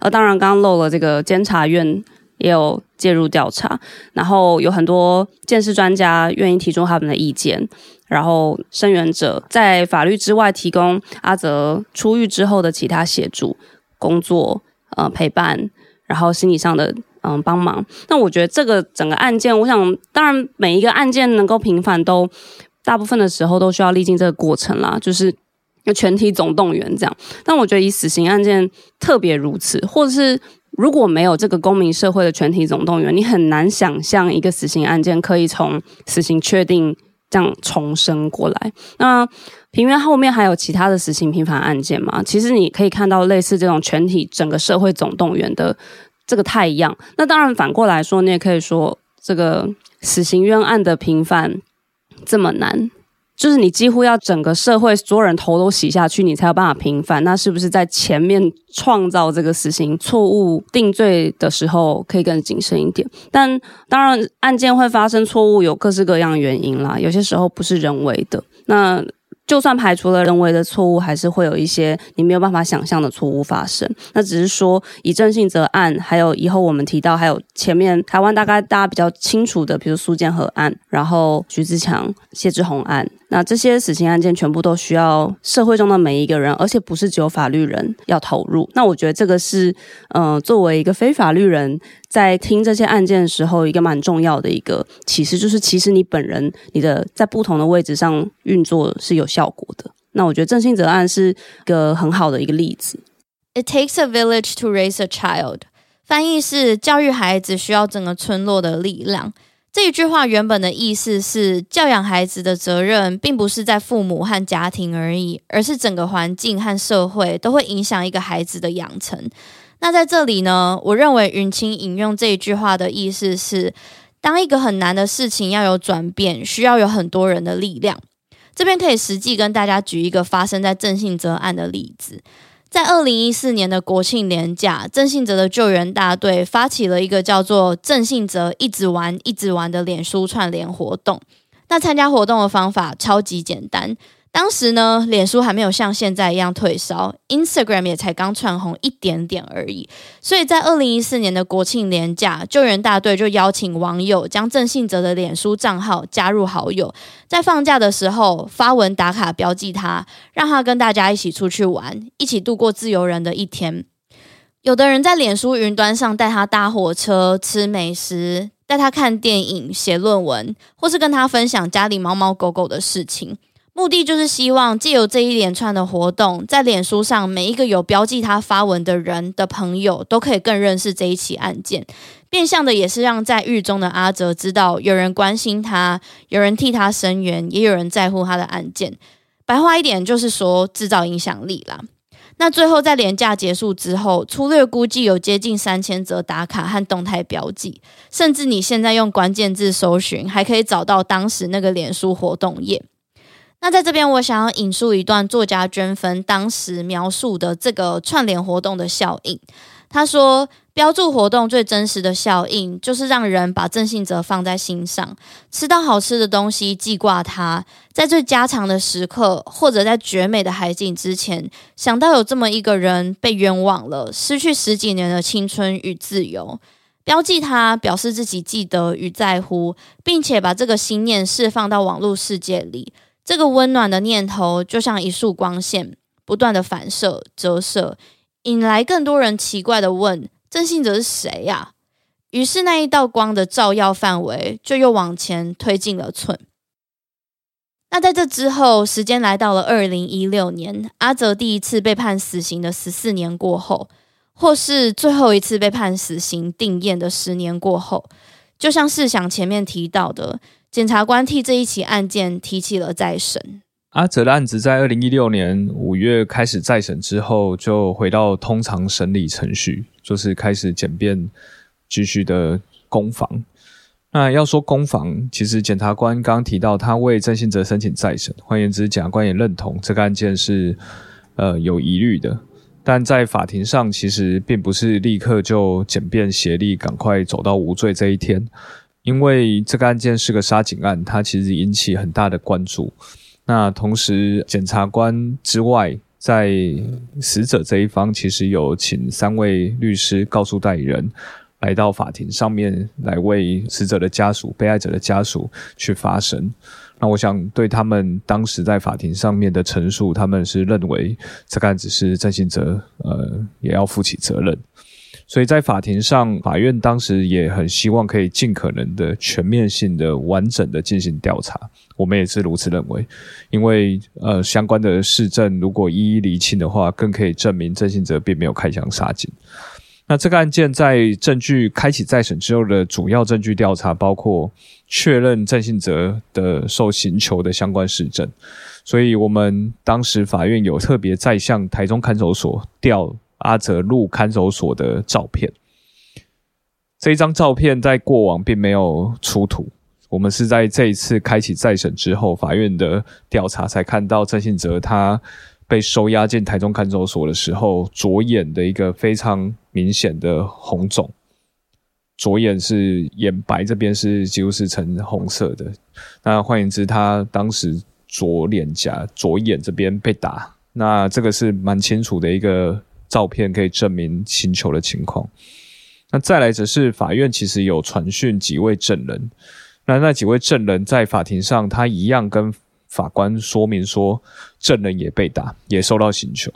呃，當然，剛剛漏了這個監察院也有介入調查，然後有很多鑑識專家願意提出他們的意見，然後聲援者在法律之外提供阿澤出獄之後的其他協助。工作，呃，陪伴，然後心理上的，嗯、呃，幫忙。那我覺得這個整個案件，我想，當然每一個案件能夠平反，都大部分的時候都需要歷經這個過程啦，就是全體總動員這樣。但我覺得以死刑案件特別如此，或者是如果沒有這個公民社會的全體總動員，你很難想象，一個死刑案件可以從死刑確定這樣重生過來。那平冤後面還有其他的死刑平反案件嗎？其實你可以看到類似這種全體整個社會總動員的這個態樣。那當然，反過來說，你也可以說這個死刑冤案的平反這麼難，就是你幾乎要整個社會所有人頭都洗下去，你才有辦法平反。那是不是在前面創造這個死刑錯誤定罪的時候，可以更謹慎一點？但當然，案件會發生錯誤，有各式各樣的原因啦。有些時候不是人為的，那。就算排除了人為的錯誤，還是會有一些你沒有辦法想象的錯誤發生。那只是說以鄭性澤案，還有以後我們提到還有前面台灣大概大家比較清楚的，比如蘇建和案，然後徐自強、謝志宏案。那這些死刑案件全部都需要社會中的每一個人，而且不是只有法律人要投入。那我覺得這個是，嗯、呃，作為一個非法律人在聽這些案件的時候，一個蠻重要的一個啟示，就是其實你本人，你的在不同的位置上運作是有效果的。那我覺得鄭性澤案是一個很好的一個例子。It takes a village to raise a child，翻譯是教育孩子需要整個村落的力量。這一句話原本的意思是，教養孩子的責任並不是在父母和家庭而已，而是整個環境和社會都會影響一個孩子的養成。那在這裡呢，我認為雲清引用這一句話的意思是，當一個很難的事情要有轉變，需要有很多人的力量。這邊可以實際跟大家舉一個發生在鄭性澤案的例子。在二零一四年的國慶連假，鄭性澤的救援大隊發起了一個叫做“鄭性澤一直玩一直玩”的臉書串聯活動。那參加活動的方法超級簡單。當時呢，臉書還沒有像現在一樣退燒，Instagram 也才剛竄紅一點點而已。所以在二零一四年的國慶連假，救援大隊就邀請網友將鄭性澤的臉書賬號加入好友，在放假的時候發文打卡標記他，讓他跟大家一起出去玩，一起度過自由人的一天。有的人在臉書雲端上帶他搭火車、吃美食，帶他看電影、寫論文，或是跟他分享家裡貓貓狗狗的事情。目的就是希望借由這一連串的活動，在臉書上每一個有標記他發文的人的朋友，都可以更認識這一起案件。變相的也是讓在獄中的阿澤知道有人關心他，有人替他聲援，也有人在乎他的案件。白話一點就是說，製造影響力啦。那最後在連假結束之後，粗略估計有接近三千則打卡和動態標記，甚至你現在用關鍵字搜尋，還可以找到當時那個臉書活動頁。那在這邊，我想要引述一段作家娟芬當時描述的這個串聯活動的效應。他說：“標注活動最真實的效應，就是讓人把鄭性澤放在心上，吃到好吃的東西，記掛他，在最家常的時刻，或者在絕美的海景之前，想到有這麼一個人被冤枉了，失去十幾年的青春與自由，標記他，表示自己記得與在乎，並且把這個心念釋放到網絡世界裡。”這個溫暖的念頭就像一束光線，不斷的反射、折射，引來更多人奇怪的問：“鄭性澤是誰呀、啊？”於是那一道光的照耀範圍就又往前推進了寸。那在這之後，時間來到了二零一六年，阿澤第一次被判死刑的十四年過後，或是最後一次被判死刑定讞的十年過後，就像是想前面提到的。檢察官替這一起案件提起了再審。阿澤的案子在二零一六年五月開始再審之後，就回到通常審理程序，就是開始檢辯繼續的攻防。那要說攻防，其實檢察官剛剛提到，他為鄭性澤申請再審，換言之，檢察官也認同這個案件是呃有疑慮的，但在法庭上其實並不是立刻就檢辯協力，趕快走到無罪這一天。因為這個案件是個殺警案，它其實引起很大的關注。那同時，檢察官之外，在死者這一方，其實有請三位律師告訴代理人來到法庭上面，來為死者的家屬、被害者的家屬去發聲。那我想對他們當時在法庭上面的陳述，他們是認為這個案子是鄭性澤，呃，也要負起責任。所以在法庭上，法院當時也很希望可以儘可能的全面性的、完整的進行調查，我們也是如此認為，因為呃相關的事證如果一一釐清的話，更可以證明鄭性澤並沒有開槍殺警。那這個案件在證據開啟再審之後的主要證據調查，包括確認鄭性澤的受刑求的相關事證。所以我們當時法院有特別再向台中看守所調。阿澤入看守所的照片，這一張照片在過往並沒有出土。我們是在這一次開啟再審之後，法院的調查才看到鄭性澤他被收押進台中看守所的時候，左眼的一個非常明顯的紅腫。左眼是眼白這邊是幾乎是呈紅色的。那換言之，他當時左臉頰、左眼這邊被打，那這個是蠻清楚的一個照片可以證明刑求的情況。那再來則是法院其實有傳訊幾位證人，那那幾位證人在法庭上，他一樣跟法官說明說，證人也被打，也受到刑求，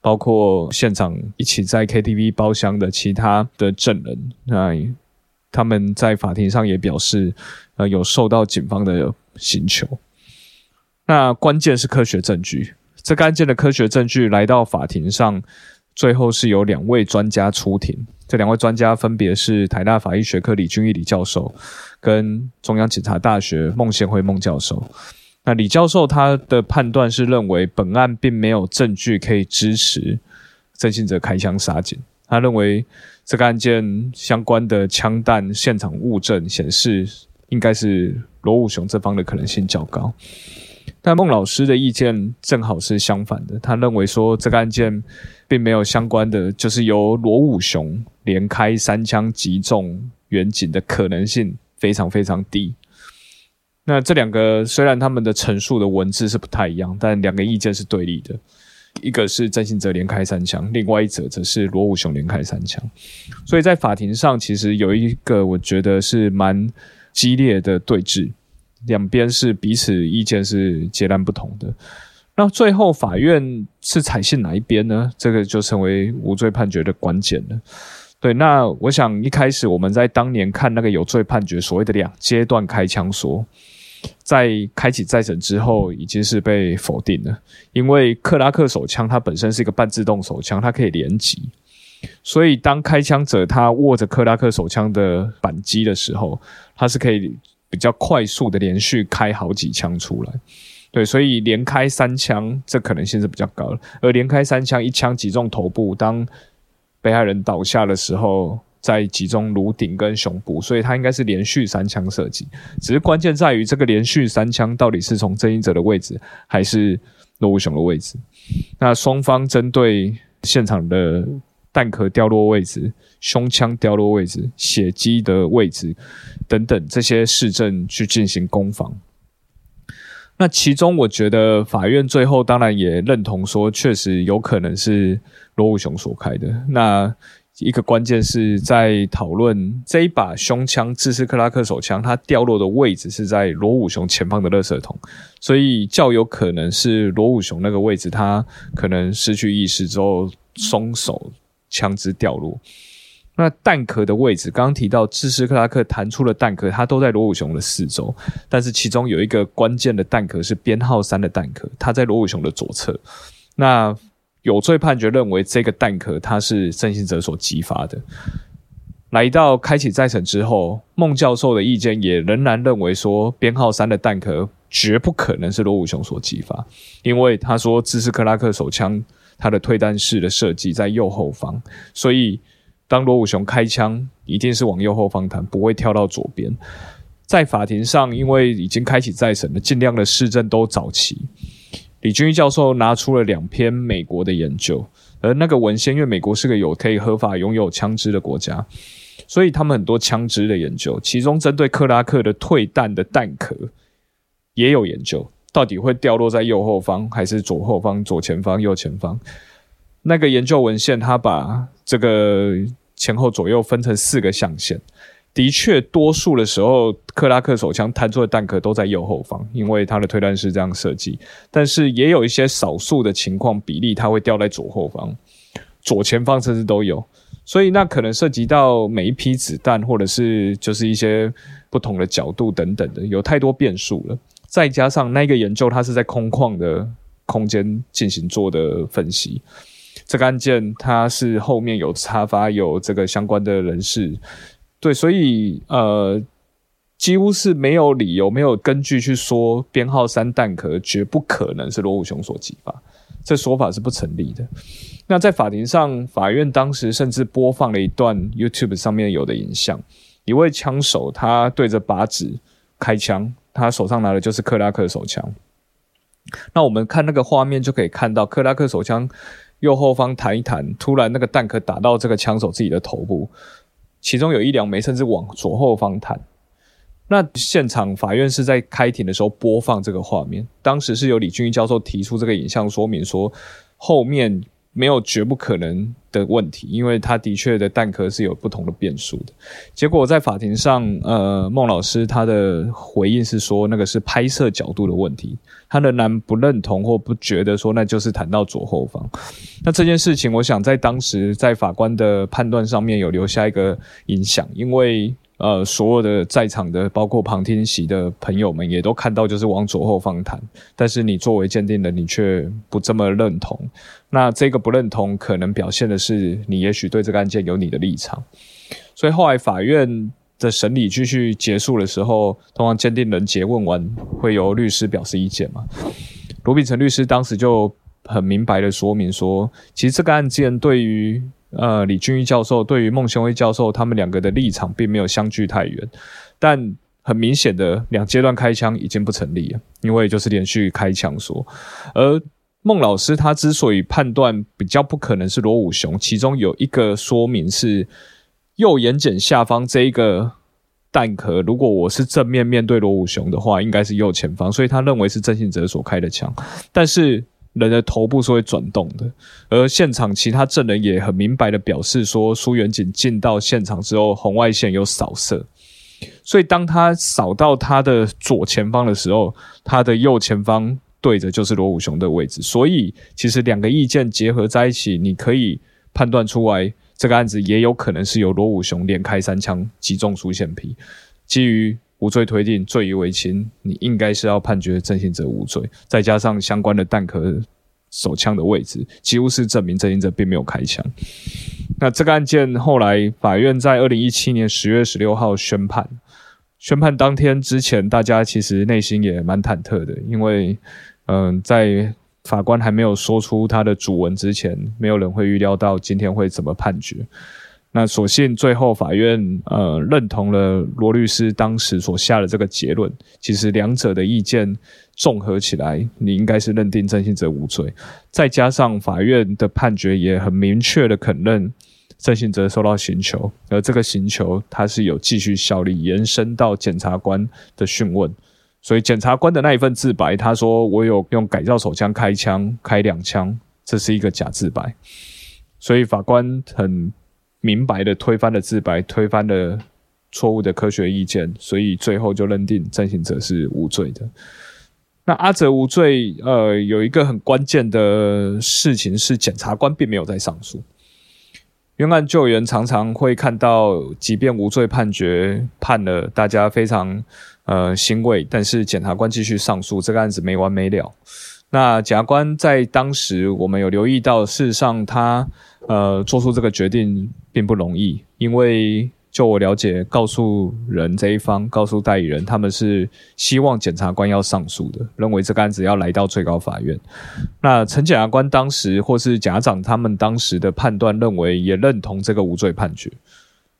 包括現場一起在 KTV 包廂的其他的證人，那他們在法庭上也表示，呃，有受到警方的刑求。那關鍵是科學證據，這個案件的科學證據來到法庭上。最後是由兩位專家出庭，這兩位專家分別是台大法醫學科李俊億李教授，跟中央警察大學孟憲輝孟教授。那李教授他的判斷是認為本案並沒有證據可以支持鄭性澤開槍殺警，他認為這個案件相關的槍彈現場物證顯示，應該是羅武雄這方的可能性較高。那孟老師的意見正好是相反的，他認為說這個案件並沒有相關的，就是由羅武雄連開三槍擊中員警的可能性非常非常低。那這兩個雖然他們的陳述的文字是不太一樣，但兩個意見是對立的，一個是鄭性澤連開三槍，另外一者則是羅武雄連開三槍。所以在法庭上，其實有一個我覺得是蠻激烈的對峙。兩邊是彼此意見是截然不同的，那最後法院是採信哪一邊呢？這個就成為無罪判決的關鍵了。對，那我想一開始我們在當年看那個有罪判決所謂的兩階段開槍說，在開啟再審之後已經是被否定了，因為克拉克手槍它本身是一個半自動手槍，它可以連擊，所以當開槍者他握着克拉克手槍的扳機的時候，他是可以。比較快速的連續開好幾槍出來，對，所以連開三槍，這可能性是比較高的。而連開三槍，一槍擊中頭部，當被害人倒下的時候，再擊中顱頂跟胸部，所以他應該是連續三槍射擊。只是關鍵在於，這個連續三槍到底是從鄭性澤的位置，還是羅武雄的位置？那雙方針對現場的。彈殼掉落位置、兇槍掉落位置、血跡的位置等等，這些事證去進行攻防。那其中，我覺得法院最後當然也認同說，確實有可能是羅武雄所開的。那一個關鍵是在討論這一把兇槍，制式克拉克手槍，它掉落的位置是在羅武雄前方的垃圾桶，所以較有可能是羅武雄那個位置，他可能失去意識之後鬆手。槍支掉落，那彈殼的位置，剛剛提到，制式克拉克彈出了彈殼，它都在羅武雄的四周，但是其中有一個關鍵的彈殼是編號三的彈殼，它在羅武雄的左側。那有罪判決認為這個彈殼它是鄭性澤所擊發的。來到開啟再審之後，孟教授的意見也仍然認為說，編號三的彈殼絕不可能是羅武雄所擊發，因為他說，制式克拉克手槍。它的退彈式的設計在右後方，所以當羅武雄開槍，一定是往右後方彈，不會跳到左邊。在法庭上，因為已經開啟再審了，盡量的事證都找齊。李俊億教授拿出了兩篇美國的研究，而那個文獻，因為美國是個有可以合法擁有槍支的國家，所以他們很多槍支的研究，其中針對克拉克的退彈的彈殼也有研究。到底會掉落在右後方，還是左後方、左前方、右前方？那個研究文獻，它把這個前後左右分成四個象限。的確，多數的時候，克拉克手槍彈出的彈殼都在右後方，因為它的推斷是這樣設計。但是，也有一些少數的情況，比例它會掉在左後方、左前方，甚至都有。所以，那可能涉及到每一批子彈，或者是就是一些不同的角度等等的，有太多變數了。再加上那個研究，它是在空曠的空間進行做的分析。這個案件，它是後面有插發有這個相關的人士，對，所以呃，幾乎是沒有理由、沒有根據去說編號三彈殼絕不可能是羅武雄所擊發，這說法是不成立的。那在法庭上，法院當時甚至播放了一段 YouTube 上面有的影像，一位槍手他對着靶子開槍。他手上拿的就是克拉克手槍，那我們看那個畫面就可以看到，克拉克手槍右後方彈一彈，突然那個彈殼打到這個槍手自己的頭部，其中有一兩枚甚至往左後方彈。那現場法院是在開庭的時候播放這個畫面，當時是由李俊億教授提出這個影像說明，說後面。沒有絕不可能的問題，因為他的確的彈殼是有不同的變數的。結果在法庭上，呃，孟老師他的回應是說那個是拍攝角度的問題，他仍然不認同或不覺得說那就是彈到左後方。那這件事情，我想在當時在法官的判斷上面有留下一個影響，因為。呃，所有的在場的，包括旁聽席的朋友們，也都看到，就是往左後方彈。但是你作為鑑定人，你卻不這麼認同。那這個不認同，可能表現的是你也許對這個案件有你的立場。所以後來法院的審理繼續結束的時候，通常鑑定人詰問完，會由律師表示意見嘛。羅秉成律師當時就很明白的說明說，其實這個案件對於。呃，李俊億教授對於孟憲輝教授他們兩個的立場並沒有相距太遠，但很明顯的兩階段開槍已經不成立了，因為就是連續開槍說。而孟老師他之所以判斷比較不可能是羅武雄，其中有一個說明是右眼瞼下方這一個彈殼，如果我是正面面對羅武雄的話，應該是右前方，所以他認為是鄭性澤所開的槍，但是。人的頭部是會轉動的，而現場其他證人也很明白的表示說，蘇憲丕進到現場之後，紅外線有掃射，所以當他掃到他的左前方的時候，他的右前方對着就是羅武雄的位置，所以其實兩個意見結合在一起，你可以判斷出來，這個案子也有可能是由羅武雄連開三槍擊中蘇憲丕，基於。無罪推定，罪疑為輕，你應該是要判決鄭性澤無罪。再加上相關的彈殼、手槍的位置，幾乎是證明鄭性澤並沒有開槍。那這個案件後來，法院在二零一七年十月十六號宣判。宣判當天之前，大家其實內心也蠻忐忑的，因為，嗯、呃，在法官還沒有說出他的主文之前，沒有人會預料到今天會怎麼判決。那所幸最後法院呃認同了羅律師當時所下的這個結論，其實兩者的意見綜合起來，你應該是認定鄭性澤無罪。再加上法院的判決也很明確的肯認鄭性澤受到刑求，而這個刑求他是有繼續效力延伸到檢察官的訊問，所以檢察官的那一份自白，他說我有用改造手槍開槍開兩槍，這是一個假自白，所以法官很明白的推翻了自白，推翻了錯誤的科學意見，所以最後就認定鄭性澤是無罪的。那阿澤無罪，呃，有一個很關鍵的事情是，檢察官並沒有在上訴。冤案救援常常會看到，即便無罪判決判了，大家非常呃欣慰，但是檢察官繼續上訴，這個案子沒完沒了。那檢察官在當時，我們有留意到，事實上他呃做出這個決定。並不容易，因為就我了解，告訴人這一方告訴代理人，他們是希望檢察官要上訴的，認為這個案子要來到最高法院。那陳檢察官當時或是檢察長，他們當時的判斷認為，也認同這個無罪判決，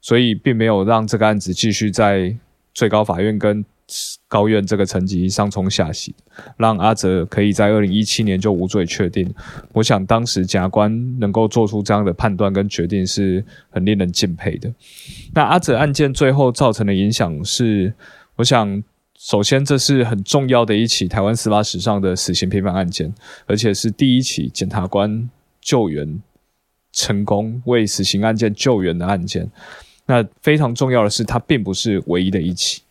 所以並沒有讓這個案子繼續在最高法院跟高院這個層級上衝下洗，讓阿澤可以在二零一七年就無罪確定。我想當時法官能夠做出這樣的判斷跟決定，是很令人敬佩的。那阿澤案件最後造成的影響是，我想首先這是很重要的一起台灣司法史上的死刑平反案件，而且是第一起檢察官救援成功為死刑案件救援的案件。那非常重要的是，它並不是唯一的一起。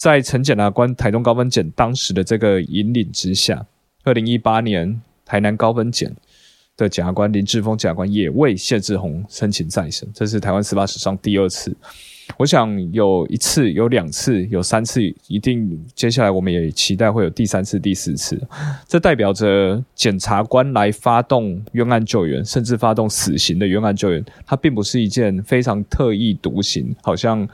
在陳檢察官台中高分檢當時的這個引領之下，二零一八年台南高分檢的檢察官林志峰檢察官也為謝志宏申請再審，這是台灣司法史上第二次。我想有一次、有兩次、有三次，一定接下來我們也期待會有第三次、第四次。這代表着檢察官來發動冤案救援，甚至發動死刑的冤案救援，它並不是一件非常特立獨行、好像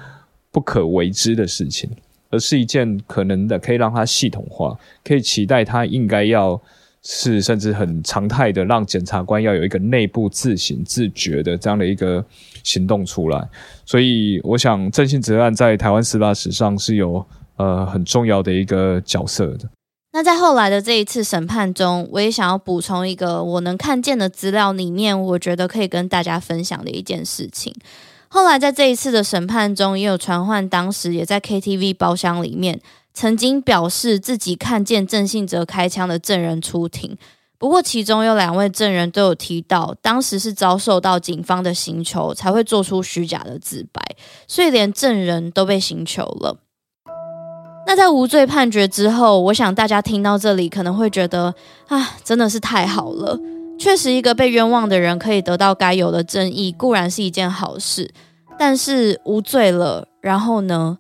不可為之的事情。而是一件可能的，可以讓它系統化，可以期待他應該要是，甚至很常態的，讓檢察官要有一個內部自省、自覺的這樣的一個行動出來。所以，我想鄭性澤案在台灣司法史上是有呃很重要的一個角色的。那在後來的這一次審判中，我也想要補充一個我能看見的資料裡面，我覺得可以跟大家分享的一件事情。後來，在這一次的審判中，也有傳喚當時也在 KTV 包廂裡面，曾經表示自己看見鄭性澤開槍的證人出庭。不過，其中有兩位證人都有提到，當時是遭受到警方的刑求，才會做出虛假的自白，所以連證人都被刑求了。那在無罪判決之後，我想大家聽到這裡可能會覺得，啊，真的是太好了！確實，一個被冤枉的人可以得到該有的正義，固然是一件好事。但是無罪了，然後呢？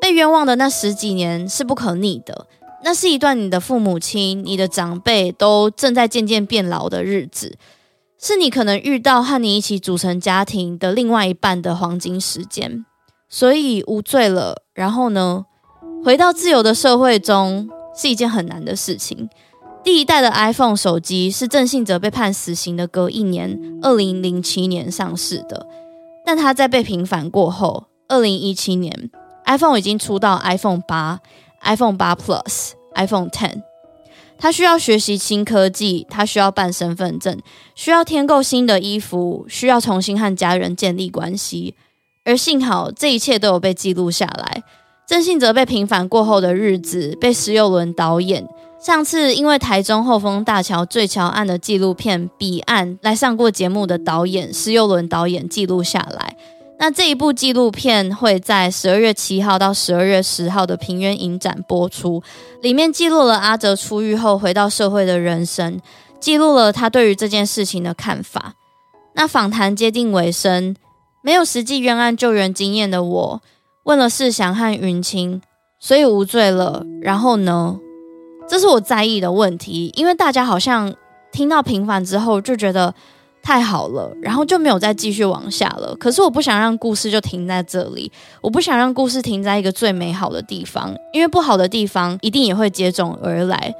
被冤枉的那十幾年是不可逆的，那是一段你的父母親、你的長輩都正在漸漸變老的日子，是你可能遇到和你一起組成家庭的另外一半的黃金時間。所以無罪了，然後呢？回到自由的社會中是一件很難的事情。第一代的 iPhone 手機是鄭性澤被判死刑的隔一年，二零零七年上市的。但他在被平反過後，二零一七年，iPhone 已經出到 iPhone 八、iPhone 八 Plus、iPhone Ten，他需要學習新科技，他需要辦身份證，需要添購新的衣服，需要重新和家人建立關係。而幸好，這一切都有被記錄下來。鄭性澤被平反過後的日子，被施佑倫導演。上次因為台中後豐大橋墜橋案的紀錄片《彼岸》來上過節目的導演施佑倫導演記錄下來。那這一部紀錄片會在十二月七號到十二月十號的平冤影展播出，裡面記錄了阿哲出獄後回到社會的人生，記錄了他對於這件事情的看法。那訪談接近尾聲，沒有實際冤案救援經驗的我，問了世祥和雲清，所以無罪了。然後呢？這是我在意的問題，因為大家好像聽到平反之後就覺得太好了，然後就沒有再繼續往下了。可是我不想讓故事就停在這裡，我不想讓故事停在一個最美好的地方，因為不好的地方一定也會接踵而來。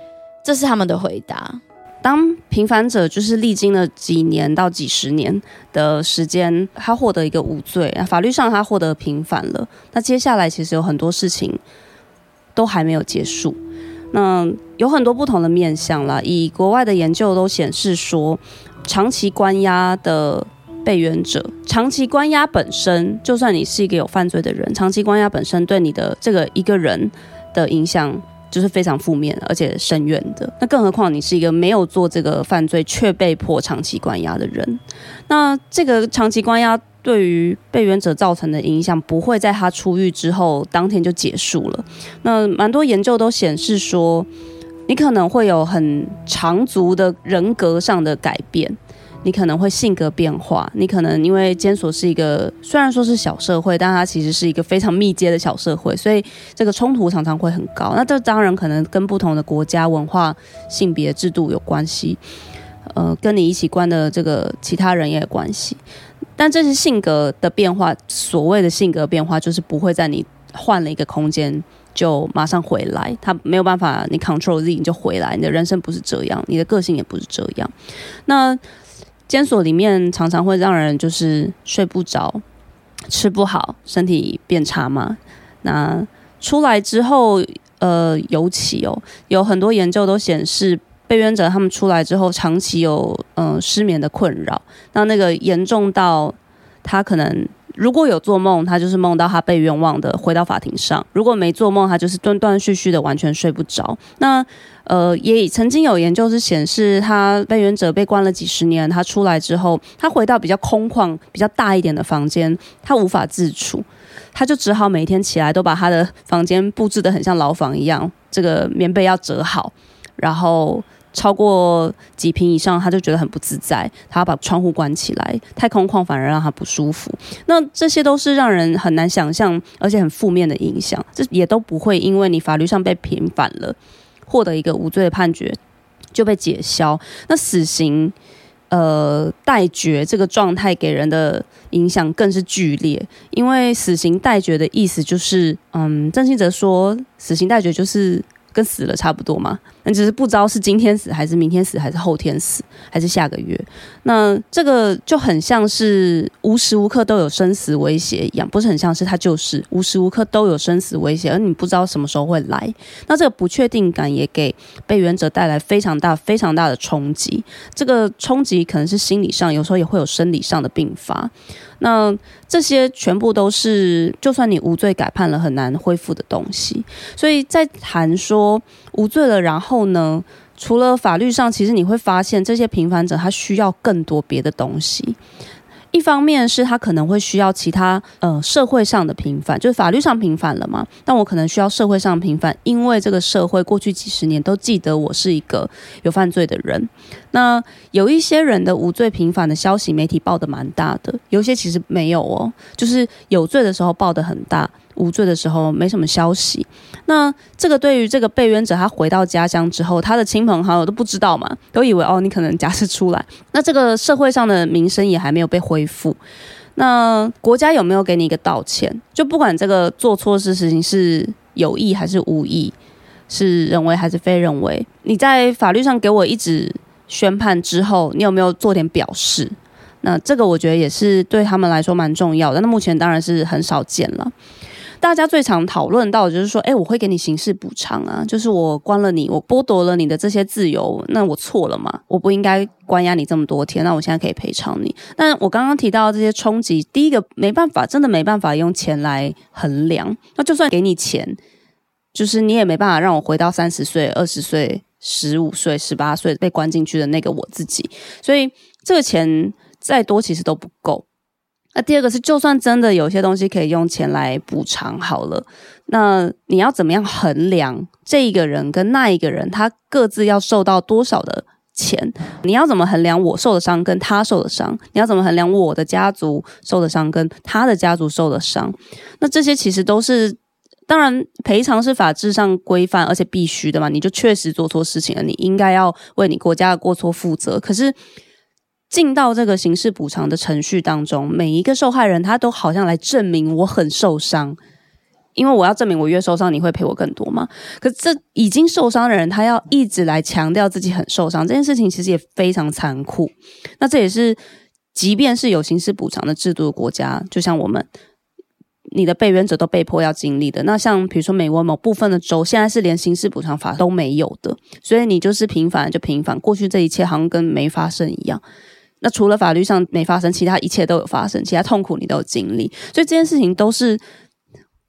這是他們的回答。當平反者就是歷經了幾年到幾十年的時間，他獲得一個無罪，法律上他獲得平反了。那接下來其實有很多事情都還沒有結束。那有很多不同的面向啦，以國外的研究都顯示說，長期關押的被冤者，長期關押本身，就算你是一個有犯罪的人，長期關押本身對你的這個一個人的影響。就是非常負面，而且深遠的。那更何況你是一個沒有做這個犯罪卻被迫長期關押的人，那這個長期關押對於被冤者造成的影響，不會在他出獄之後當天就結束了。那蠻多研究都顯示說，你可能會有很長足的人格上的改變。你可能會性格變化，你可能因為監所是一個雖然說是小社會，但它其實是一個非常密接的小社會，所以這個衝突常常會很高。那這當然可能跟不同的國家文化、性別制度有關係，呃，跟你一起關的這個其他人也有關係。但這些性格的變化，所謂的性格的變化，就是不會在你換了一個空間就馬上回來，它沒有辦法，你 Control Z 你就回來，你的人生不是這樣，你的個性也不是這樣。那監所裡面常常會讓人就是睡不着、吃不好、身體變差嘛。那出來之後，呃，尤其哦，有很多研究都顯示被冤者他們出來之後，長期有嗯、呃、失眠的困擾。那那個嚴重到他可能。如果有做夢，他就是夢到他被冤枉的回到法庭上；如果沒做夢，他就是斷斷續續的，完全睡不着。那呃，也曾經有研究是顯示，他被冤者被關了幾十年，他出來之後，他回到比較空曠、比較大一點的房間，他無法自處，他就只好每天起來都把他的房間布置得很像牢房一樣，這個棉被要折好，然後。超過幾坪以上，他就覺得很不自在，他要把窗戶關起來，太空曠反而讓他不舒服。那這些都是讓人很難想象，而且很負面的影響。這也都不會因為你法律上被平反了，獲得一個無罪判決就被解消。那死刑，呃，待決這個狀態給人的影響更是劇烈，因為死刑待決的意思就是，嗯，鄭性澤說，死刑待決就是跟死了差不多嘛。只是不知道是今天死還是明天死還是後天死還是下個月。那這個就很像是無時無刻都有生死威脅一樣，不是很像是他就是無時無刻都有生死威脅，而你不知道什麼時候會來。那這個不確定感也給被冤者帶來非常大，非常大的衝擊。這個衝擊可能是心理上，有時候也會有生理上的病發。那這些全部都是，就算你無罪改判了，很難恢復的東西。所以在談說無罪了，然後。然後呢，除了法律上，其實你會發現這些平反者他需要更多別的東西。一方面是他可能會需要其他呃社會上的平反，就是法律上平反了嘛，但我可能需要社會上平反，因為這個社會過去幾十年都記得我是一個有犯罪的人。那有一些人的無罪平反的消息媒體報得蠻大的，有些其實沒有哦，就是有罪的時候報得很大。無罪的時候沒什麼消息。那這個對於這個被冤者，他回到家鄉之後，他的親朋好友都不知道嘛，都以為哦，你可能假釋出來。那這個社會上的名聲也還沒有被恢復。那國家有沒有給你一個道歉？就不管這個做錯事事情是有意還是無意，是人為還是非人為，你在法律上給我一紙宣判之後，你有沒有做點表示？那這個我覺得也是對他們來說蠻重要的，但那目前當然是很少見了。大家最常討論到的就是說，哎、欸，我會給你刑事補償啊，就是我關了你，我剝奪了你的這些自由，那我錯了嘛？我不應該關押你這麼多天，那我現在可以賠償你。但我剛剛提到這些衝擊，第一個沒辦法，真的沒辦法用錢來衡量。那就算給你錢，就是你也沒辦法讓我回到三十歲、二十歲、十五歲、十八歲被關進去的那個我自己。所以這個錢再多，其實都不夠。那第二個是，就算真的有些東西可以用錢來補償好了，那你要怎麼樣衡量這一個人跟那一個人他各自要受到多少的錢？你要怎麼衡量我受的傷跟他受的傷？你要怎麼衡量我的家族受的傷跟他的家族受的傷？那這些其實都是，當然賠償是法制上規範而且必須的嘛，你就確實做錯事情了，你應該要為你國家的過錯負責。可是。進到這個刑事補償的程序當中，每一個受害人他都好像來證明我很受傷，因為我要證明我越受傷，你會賠我更多嘛。可這已經受傷的人，他要一直來強調自己很受傷，這件事情其實也非常殘酷。那這也是，即便是有刑事補償的制度的國家，就像我們，你的被冤者都被迫要經歷的。那像比如說美國某部分的州，現在是連刑事補償法都沒有的，所以你就是平反就平反，過去這一切好像跟沒發生一樣。那除了法律上沒發生，其他一切都有發生，其他痛苦你都有經歷，所以這件事情都是，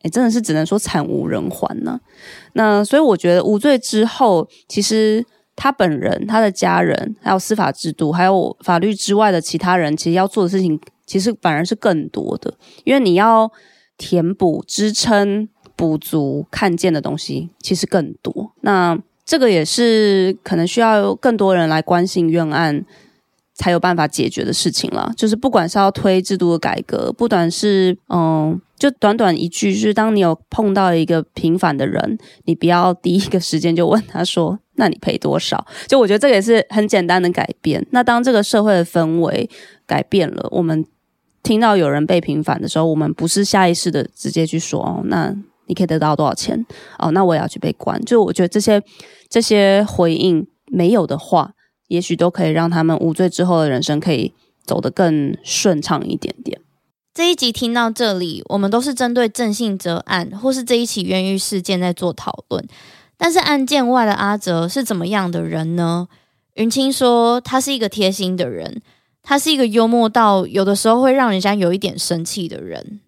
欸、真的是只能說慘無人寰呢、啊。那所以我覺得無罪之後，其實他本人、他的家人，還有司法制度，還有法律之外的其他人，其實要做的事情，其實反而是更多的，因為你要填補、支撐、補足、看見的東西，其實更多。那這個也是可能需要更多人來關心冤案，才有辦法解決的事情了，就是不管是要推制度的改革，不管是嗯，就短短一句，就是當你有碰到一個平反的人，你不要第一個時間就問他說，那你賠多少？就我覺得這個也是很簡單的改變。那當這個社會的氛圍改變了，我們聽到有人被平反的時候，我們不是下意識的直接去說哦，那你可以得到多少錢？哦，那我也要去被關。就我覺得這些這些回應沒有的話，也許都可以讓他們無罪之後的人生可以走得更順暢一點點。這一集聽到這裡，我們都是針對鄭性澤案或是這一起冤獄事件在做討論，但是案件外的阿澤是怎麼樣的人呢？雲青說他是一個貼心的人，他是一個幽默到有的時候會讓人家有一點生氣的人。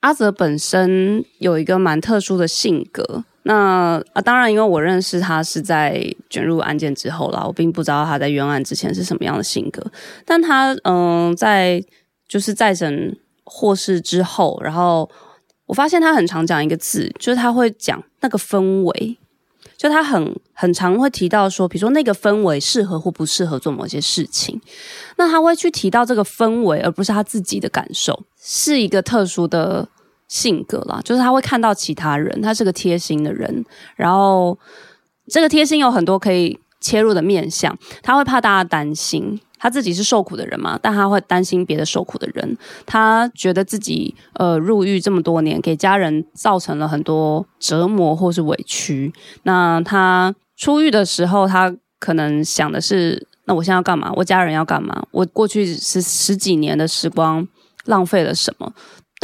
阿澤本身有一個蠻特殊的性格。那啊，當然，因為我認識他是在捲入案件之後啦，我並不知道他在冤案之前是什麼樣的性格。但他嗯，在就是再審獲釋之後，然後我發現他很常講一個字，就是他會講那個氛圍，就他很很常會提到說，比如說那個氛圍適合或不適合做某些事情。那他會去提到這個氛圍，而不是他自己的感受，是一個特殊的。性格啦，就是他會看到其他人，他是個貼心的人。然後，這個貼心有很多可以切入的面向。他會怕大家擔心，他自己是受苦的人嘛，但他會擔心別的受苦的人。他覺得自己呃入獄這麼多年，給家人造成了很多折磨或是委屈。那他出獄的時候，他可能想的是：那我現在要幹嘛？我家人要幹嘛？我過去十十幾年的時光浪費了什麼？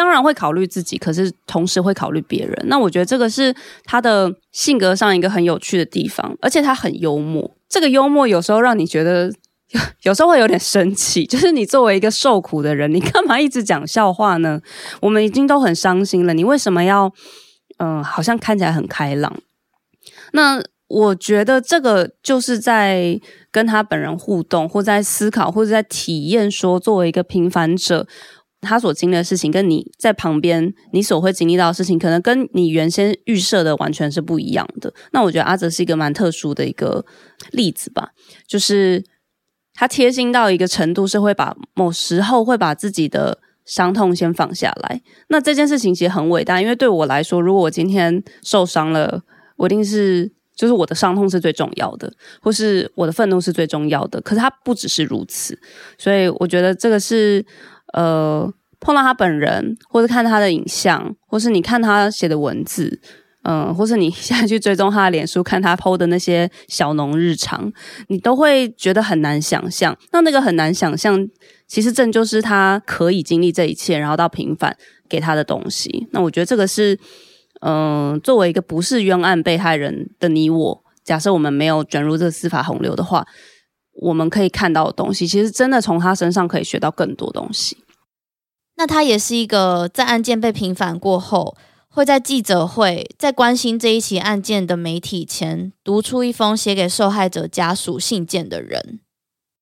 當然會考慮自己，可是同時會考慮別人。那我覺得這個是他的性格上一個很有趣的地方，而且他很幽默。這個幽默有時候讓你覺得，有，有時候會有點生氣。就是你作為一個受苦的人，你幹嘛一直講笑話呢？我們已經都很傷心了，你為什麼要嗯、呃，好像看起來很開朗？那我覺得這個就是在跟他本人互動，或在思考，或者在體驗說，說作為一個平凡者。他所經歷的事情，跟你在旁邊你所會經歷到的事情，可能跟你原先預設的完全是不一樣的。那我覺得阿澤是一個蠻特殊的一個例子吧，就是他貼心到一個程度，是會把某時候會把自己的傷痛先放下來。那這件事情其實很偉大，因為對我來說，如果我今天受傷了，我一定是就是我的傷痛是最重要的，或是我的憤怒是最重要的。可是他不只是如此，所以我覺得這個是。呃，碰到他本人，或者看他的影像，或是你看他寫的文字，嗯、呃，或是你現在去追蹤他的臉書，看他 PO 的那些小農日常，你都會覺得很難想象那那個很難想象其實正就是他可以經歷這一切，然後到平反給他的東西。那我覺得這個是，嗯、呃，作為一個不是冤案被害人的你我，假設我們沒有捲入這個司法洪流的話。我們可以看到的東西，其實真的從他身上可以學到更多東西。那他也是一個在案件被平反過後，會在記者會在關心這一起案件的媒體前讀出一封寫給受害者家屬信件的人。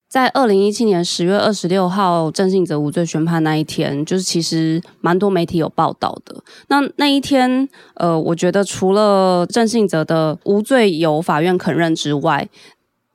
在二零一七年十月二十六號，鄭性澤無罪宣判那一天，就是其實蠻多媒體有報道的。那那一天，呃，我覺得除了鄭性澤的無罪由法院肯認之外，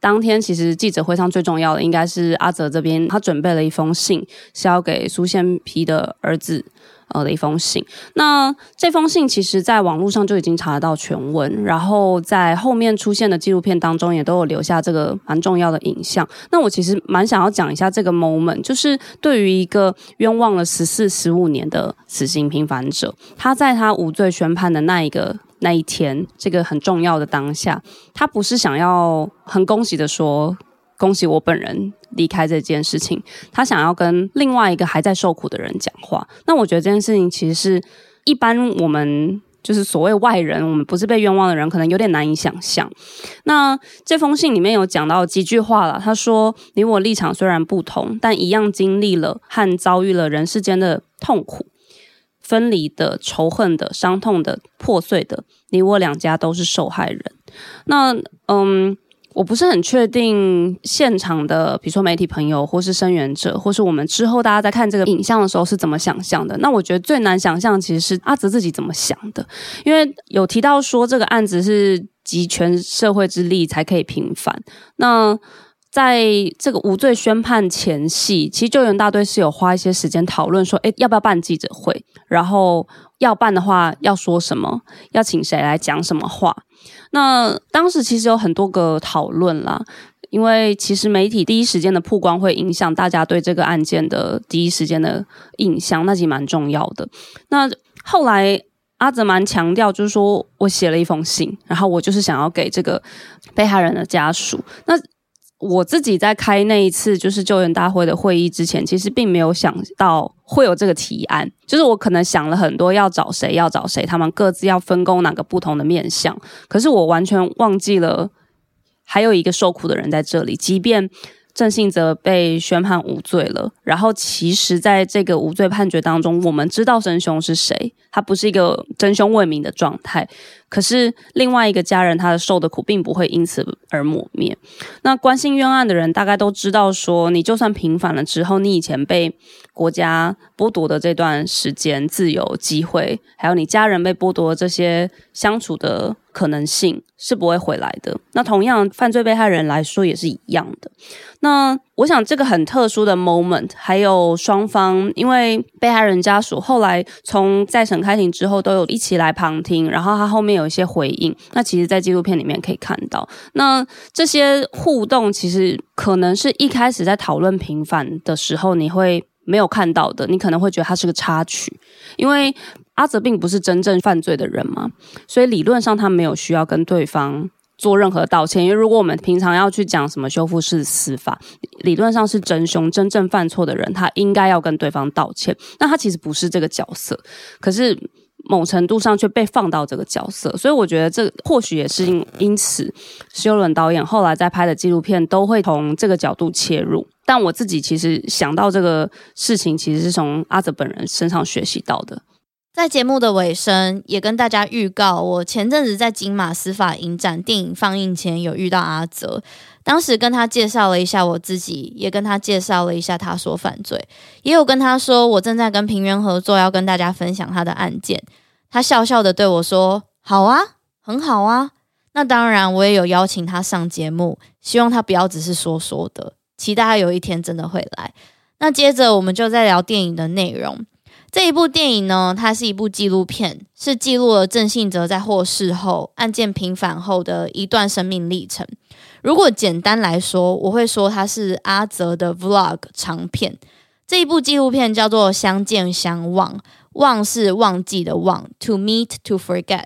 當天其實記者會上最重要的應該是阿澤這邊，他準備了一封信，是要給蘇憲丕的兒子呃的一封信。那這封信其實在網絡上就已經查得到全文，然後在後面出現的紀錄片當中也都有留下這個蠻重要的影像。那我其實蠻想要講一下這個 moment，就是對於一個冤枉了十四、十五年的死刑平反者，他在他無罪宣判的那一個。那一天，這個很重要的當下，他不是想要很恭喜的說恭喜我本人離開這件事情，他想要跟另外一個還在受苦的人講話。那我覺得這件事情其實是，一般我們就是所謂外人，我們不是被冤枉的人，可能有點難以想象。那這封信裡面有講到幾句話啦，他說：“你我立場雖然不同，但一樣經歷了和遭遇了人世間的痛苦。”分離的、仇恨的、傷痛的、破碎的，你我兩家都是受害人。那，嗯，我不是很確定現場的，比如說媒體朋友，或是聲援者，或是我們之後大家在看這個影像的時候是怎麼想象的。那我覺得最難想象，其實是阿澤自己怎麼想的，因為有提到說這個案子是集全社會之力才可以平反。那在這個無罪宣判前夕，其實救援大隊是有花一些時間討論說，誒，要不要辦記者會？然後要辦的話，要說什麼？要請誰來講什麼話？那當時其實有很多個討論啦，因為其實媒體第一時間的曝光會影響大家對這個案件的第一時間的印象，那其實蠻重要的。那後來阿澤蠻強調，就是說我寫了一封信，然後我就是想要給這個被害人的家屬那。我自己在開那一次就是救援大會的會議之前，其實並沒有想到會有這個提案。就是我可能想了很多要找誰要找誰，他們各自要分工哪個不同的面向。可是我完全忘記了，還有一個受苦的人在這裡。即便鄭性澤被宣判無罪了，然後其實，在這個無罪判決當中，我們知道真凶是誰，他不是一個真凶未明的狀態。可是另外一個家人，他的受的苦並不會因此而抹滅。那關心冤案的人大概都知道，說你就算平反了之後，你以前被國家剝奪的這段時間自由機會，還有你家人被剝奪的這些相處的可能性是不會回來的。那同樣，犯罪被害人來說也是一樣的。那我想這個很特殊的 moment，還有雙方，因為被害人家屬後來從再審開庭之後都有一起來旁聽，然後他後面有。有一些回應，那其實，在紀錄片裡面可以看到，那這些互動其實可能是一開始在討論平冤的時候，你會沒有看到的，你可能會覺得他是個插曲，因為阿澤並不是真正犯罪的人嘛，所以理論上他沒有需要跟對方做任何道歉，因為如果我們平常要去講什麼修復式司法，理論上是真兇、真正犯錯的人，他應該要跟對方道歉，那他其實不是這個角色，可是某程度上卻被放到這個角色，所以我覺得這或許也是因因此，修倫導演後來在拍的紀錄片都會從這個角度切入。但我自己其實想到這個事情，其實是從阿澤本人身上學習到的。在節目的尾聲，也跟大家預告，我前陣子在金馬司法影展電影放映前有遇到阿澤。當時跟他介紹了一下我自己，也跟他介紹了一下她說犯罪，也有跟他說我正在跟平冤合作，要跟大家分享他的案件。他笑笑的對我說：“好啊，很好啊。”那當然，我也有邀請他上節目，希望他不要只是說說的，期待他有一天真的會來。那接着我們就在聊電影的內容。這一部電影呢，它是一部紀錄片，是記錄了鄭性澤在獲釋後案件平反後的一段生命歷程。如果簡單來說，我會說它是阿澤的 vlog 長片。這一部紀錄片叫做《相見相忘》，忘是忘記的忘。To meet, to forget。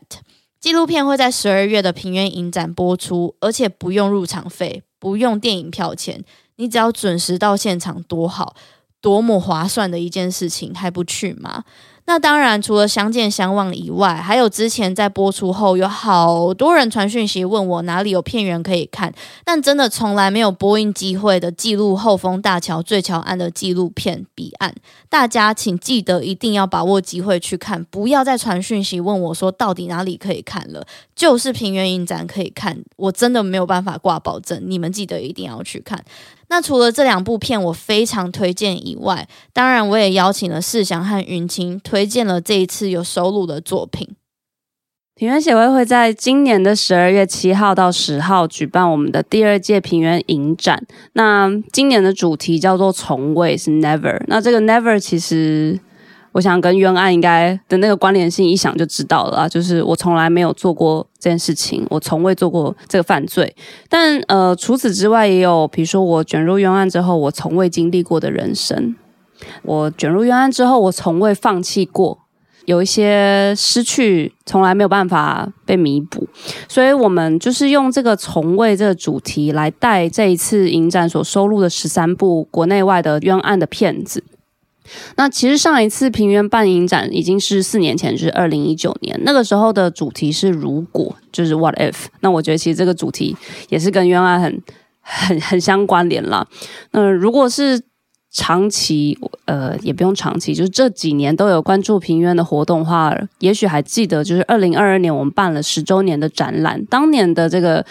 紀錄片會在十二月的平冤影展播出，而且不用入場費，不用電影票錢，你只要準時到現場，多好，多麼划算的一件事情，還不去嗎？那當然，除了相見相望以外，還有之前在播出後有好多人傳訊息問我哪裡有片源可以看，但真的從來沒有播映機會的記錄後豐大橋墜橋案的紀錄片《彼岸》，大家請記得一定要把握機會去看，不要再傳訊息問我說到底哪裡可以看了，就是平冤影展可以看，我真的沒有辦法掛保證，你們記得一定要去看。那除了這兩部片我非常推薦以外，當然我也邀請了世祥和雲清推薦了這一次有收錄的作品。平冤協會會在今年的十二月七號到十號舉辦我們的第二屆平冤影展。那今年的主題叫做“從未是 Never”。那這個 Never 其實。我想跟冤案應該的那個關聯性一想就知道了啊，就是我從來沒有做過這件事情，我從未做過這個犯罪，但呃，除此之外也有，比如說我捲入冤案之後，我從未經歷過的人生；我捲入冤案之後，我從未放棄過，有一些失去，從來沒有辦法被彌補。所以，我們就是用這個“從未”這個主題來帶這一次影展所收錄的十三部國內外的冤案的片子。那其實上一次平冤辦影展已經是四年前，就是二零一九年。那個時候的主題是“如果”，就是 “What if”。那我覺得其實這個主題也是跟冤案很、很、很相關聯了。那如果是長期，呃，也不用長期，就是這幾年都有關注平冤的活動的話，也許還記得，就是二零二二年我們辦了十週年的展覽，當年的這個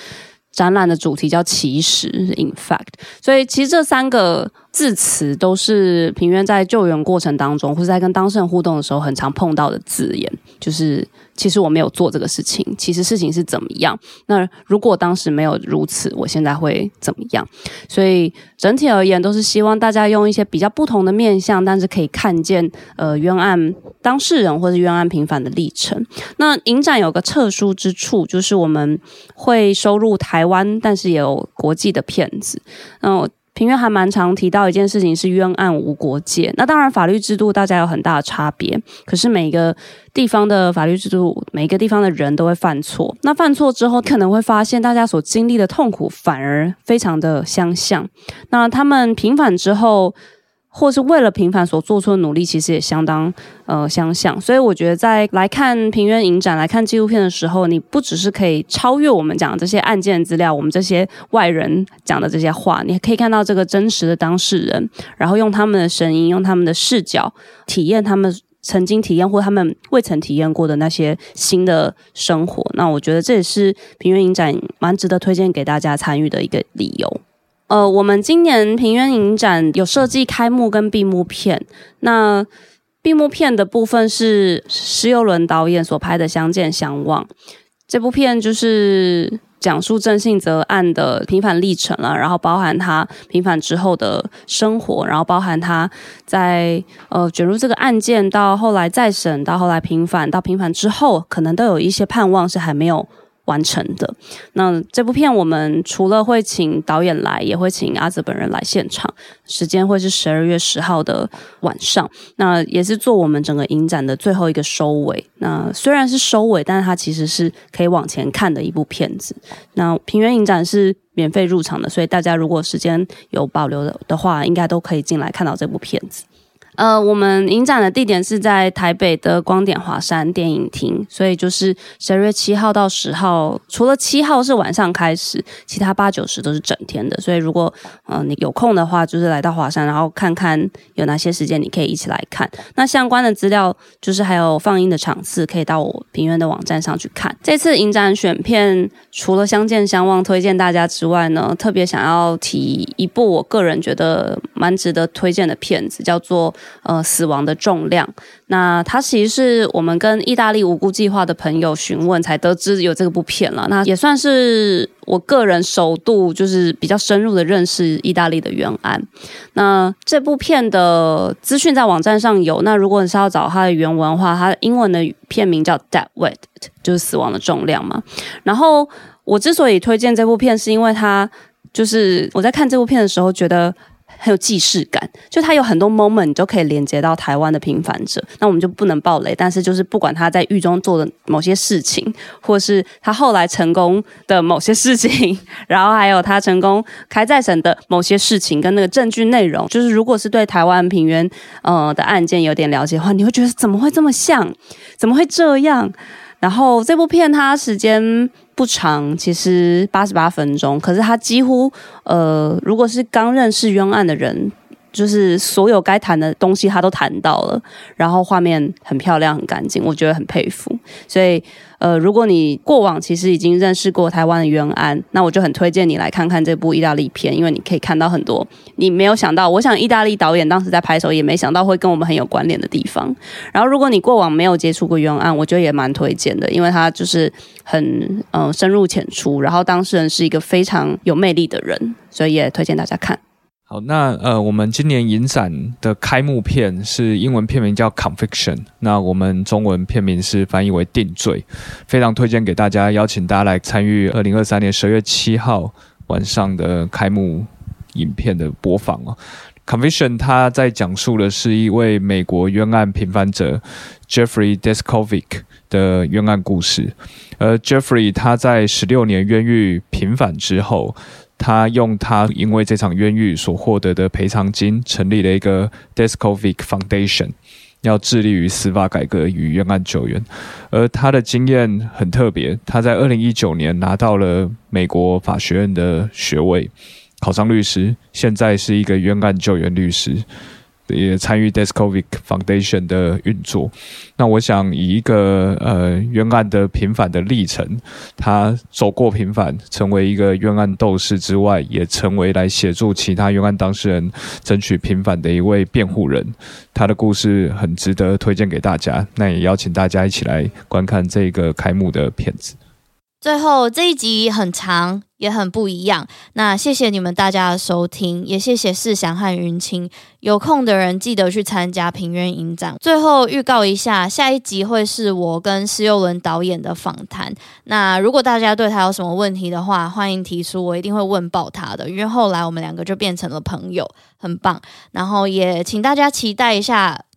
展覽的主題叫“其實 ”，In fact。所以其實這三個。字詞都是平冤在救援過程當中，或者在跟當事人互動的時候，很常碰到的字眼，就是其實我沒有做這個事情，其實事情是怎麼樣？那如果當時沒有如此，我現在會怎麼樣？所以整體而言，都是希望大家用一些比較不同的面向，但是可以看見呃冤案當事人或是冤案平反的歷程。那影展有個特殊之處，就是我們會收入台灣，但是也有國際的片子，那我。平冤還蠻常提到一件事情是冤案無國界。那當然法律制度大家有很大的差別，可是每一個地方的法律制度，每一個地方的人都會犯錯。那犯錯之後，可能會發現大家所經歷的痛苦反而非常的相像。那他們平反之後，或是為了平反所做出的努力，其實也相當呃相像，所以我覺得在來看平冤影展、來看紀錄片的時候，你不只是可以超越我們講的這些案件資料，我們這些外人講的這些話，你還可以看到這個真實的當事人，然後用他們的聲音、用他們的視角體驗他們曾經體驗或他們未曾體驗過的那些新的生活。那我覺得這也是平冤影展蠻值得推薦給大家參與的一個理由。呃，我們今年平冤影展有設計開幕跟閉幕片。那閉幕片的部分是施佑倫導演所拍的《相見相望》這部片，就是講述鄭性澤案的平反歷程了，啊，然後包含他平反之後的生活，然後包含他在呃捲入這個案件到後來再審到後來平反到平反之後，可能都有一些盼望是還沒有完成的。那這部片，我們除了會請導演來，也會請阿澤本人來現場。時間會是十二月十號的晚上，那也是做我們整個影展的最後一個收尾。那雖然是收尾，但是它其實是可以往前看的一部片子。那平冤影展是免費入場的，所以大家如果時間有保留的的話，應該都可以進來看到這部片子。呃，我們影展的地點是在台北的光點華山電影廳，所以就是十二月七號到十號，除了七號是晚上開始，其他八九十都是整天的。所以如果嗯、呃、你有空的話，就是來到華山，然後看看有哪些時間你可以一起來看。那相關的資料就是還有放映的場次，可以到我平冤的網站上去看。這次影展選片除了《相見相望》推薦大家之外呢，特別想要提一部我個人覺得蠻值得推薦的片子，叫做。呃，死亡的重量。那它其實是我們跟意大利無辜計劃的朋友詢問才得知有這個部片了。那也算是我個人首度，就是比較深入的認識意大利的冤案。那這部片的資訊在網站上有。那如果你是要找它的原文的話，它的英文的片名叫 Dead Weight，就是死亡的重量嘛。然後我之所以推薦這部片，是因為它就是我在看這部片的時候覺得。很有既視感，就他有很多 moment 你就可以連接到台灣的平冤者。那我們就不能爆雷，但是就是不管他在獄中做的某些事情，或是他後來成功的某些事情，然後還有他成功開再審的某些事情，跟那個證據內容，就是如果是對台灣平冤呃的案件有點了解的話，你會覺得怎麼會這麼像？怎麼會這樣？然後這部片它時間不長，其實八十八分鐘，可是它幾乎呃，如果是剛認識冤案的人。就是所有該談的東西他都談到了，然後畫面很漂亮、很乾淨，我覺得很佩服。所以，呃，如果你過往其實已經認識過台灣的冤案，那我就很推薦你來看看這部意大利片，因為你可以看到很多你沒有想到。我想意大利導演當時在拍的時候也沒想到會跟我們很有關聯的地方。然後，如果你過往沒有接觸過冤案，我覺得也蠻推薦的，因為他就是很嗯、呃、深入淺出，然後當事人是一個非常有魅力的人，所以也推薦大家看。好，那呃，我們今年影展的開幕片是英文片名叫《Conviction》，那我們中文片名是翻譯為《定罪》，非常推薦給大家，邀請大家來參與二零二三年十二月七號晚上的開幕影片的播放哦。《Conviction》它在講述的是一位美國冤案平反者 Jeffrey Deskovic 的冤案故事，而 Jeffrey 他在十六年冤獄平反之後。他用他因為這場冤獄所獲得的賠償金，成立了一個 Deskovic Foundation，要致力於司法改革與冤案救援。而他的經驗很特別，他在二零一九年拿到了美國法學院的學位，考上律師，現在是一個冤案救援律師。也參與 Deskovic Foundation 的運作。那我想以一個呃冤案的平反的歷程，他走過平反，成為一個冤案鬥士之外，也成為來協助其他冤案當事人爭取平反的一位辯護人。他的故事很值得推薦給大家。那也邀請大家一起來觀看這個開幕的片子。最後這一集很長，也很不一樣。那謝謝你們大家的收聽，也謝謝世祥和雲清。有空的人記得去參加平冤影展。最後預告一下，下一集會是我跟施佑倫導演的訪談。那如果大家對他有什麼問題的話，歡迎提出，我一定會問爆他的。因為後來我們兩個就變成了朋友，很棒。然後也請大家期待一下。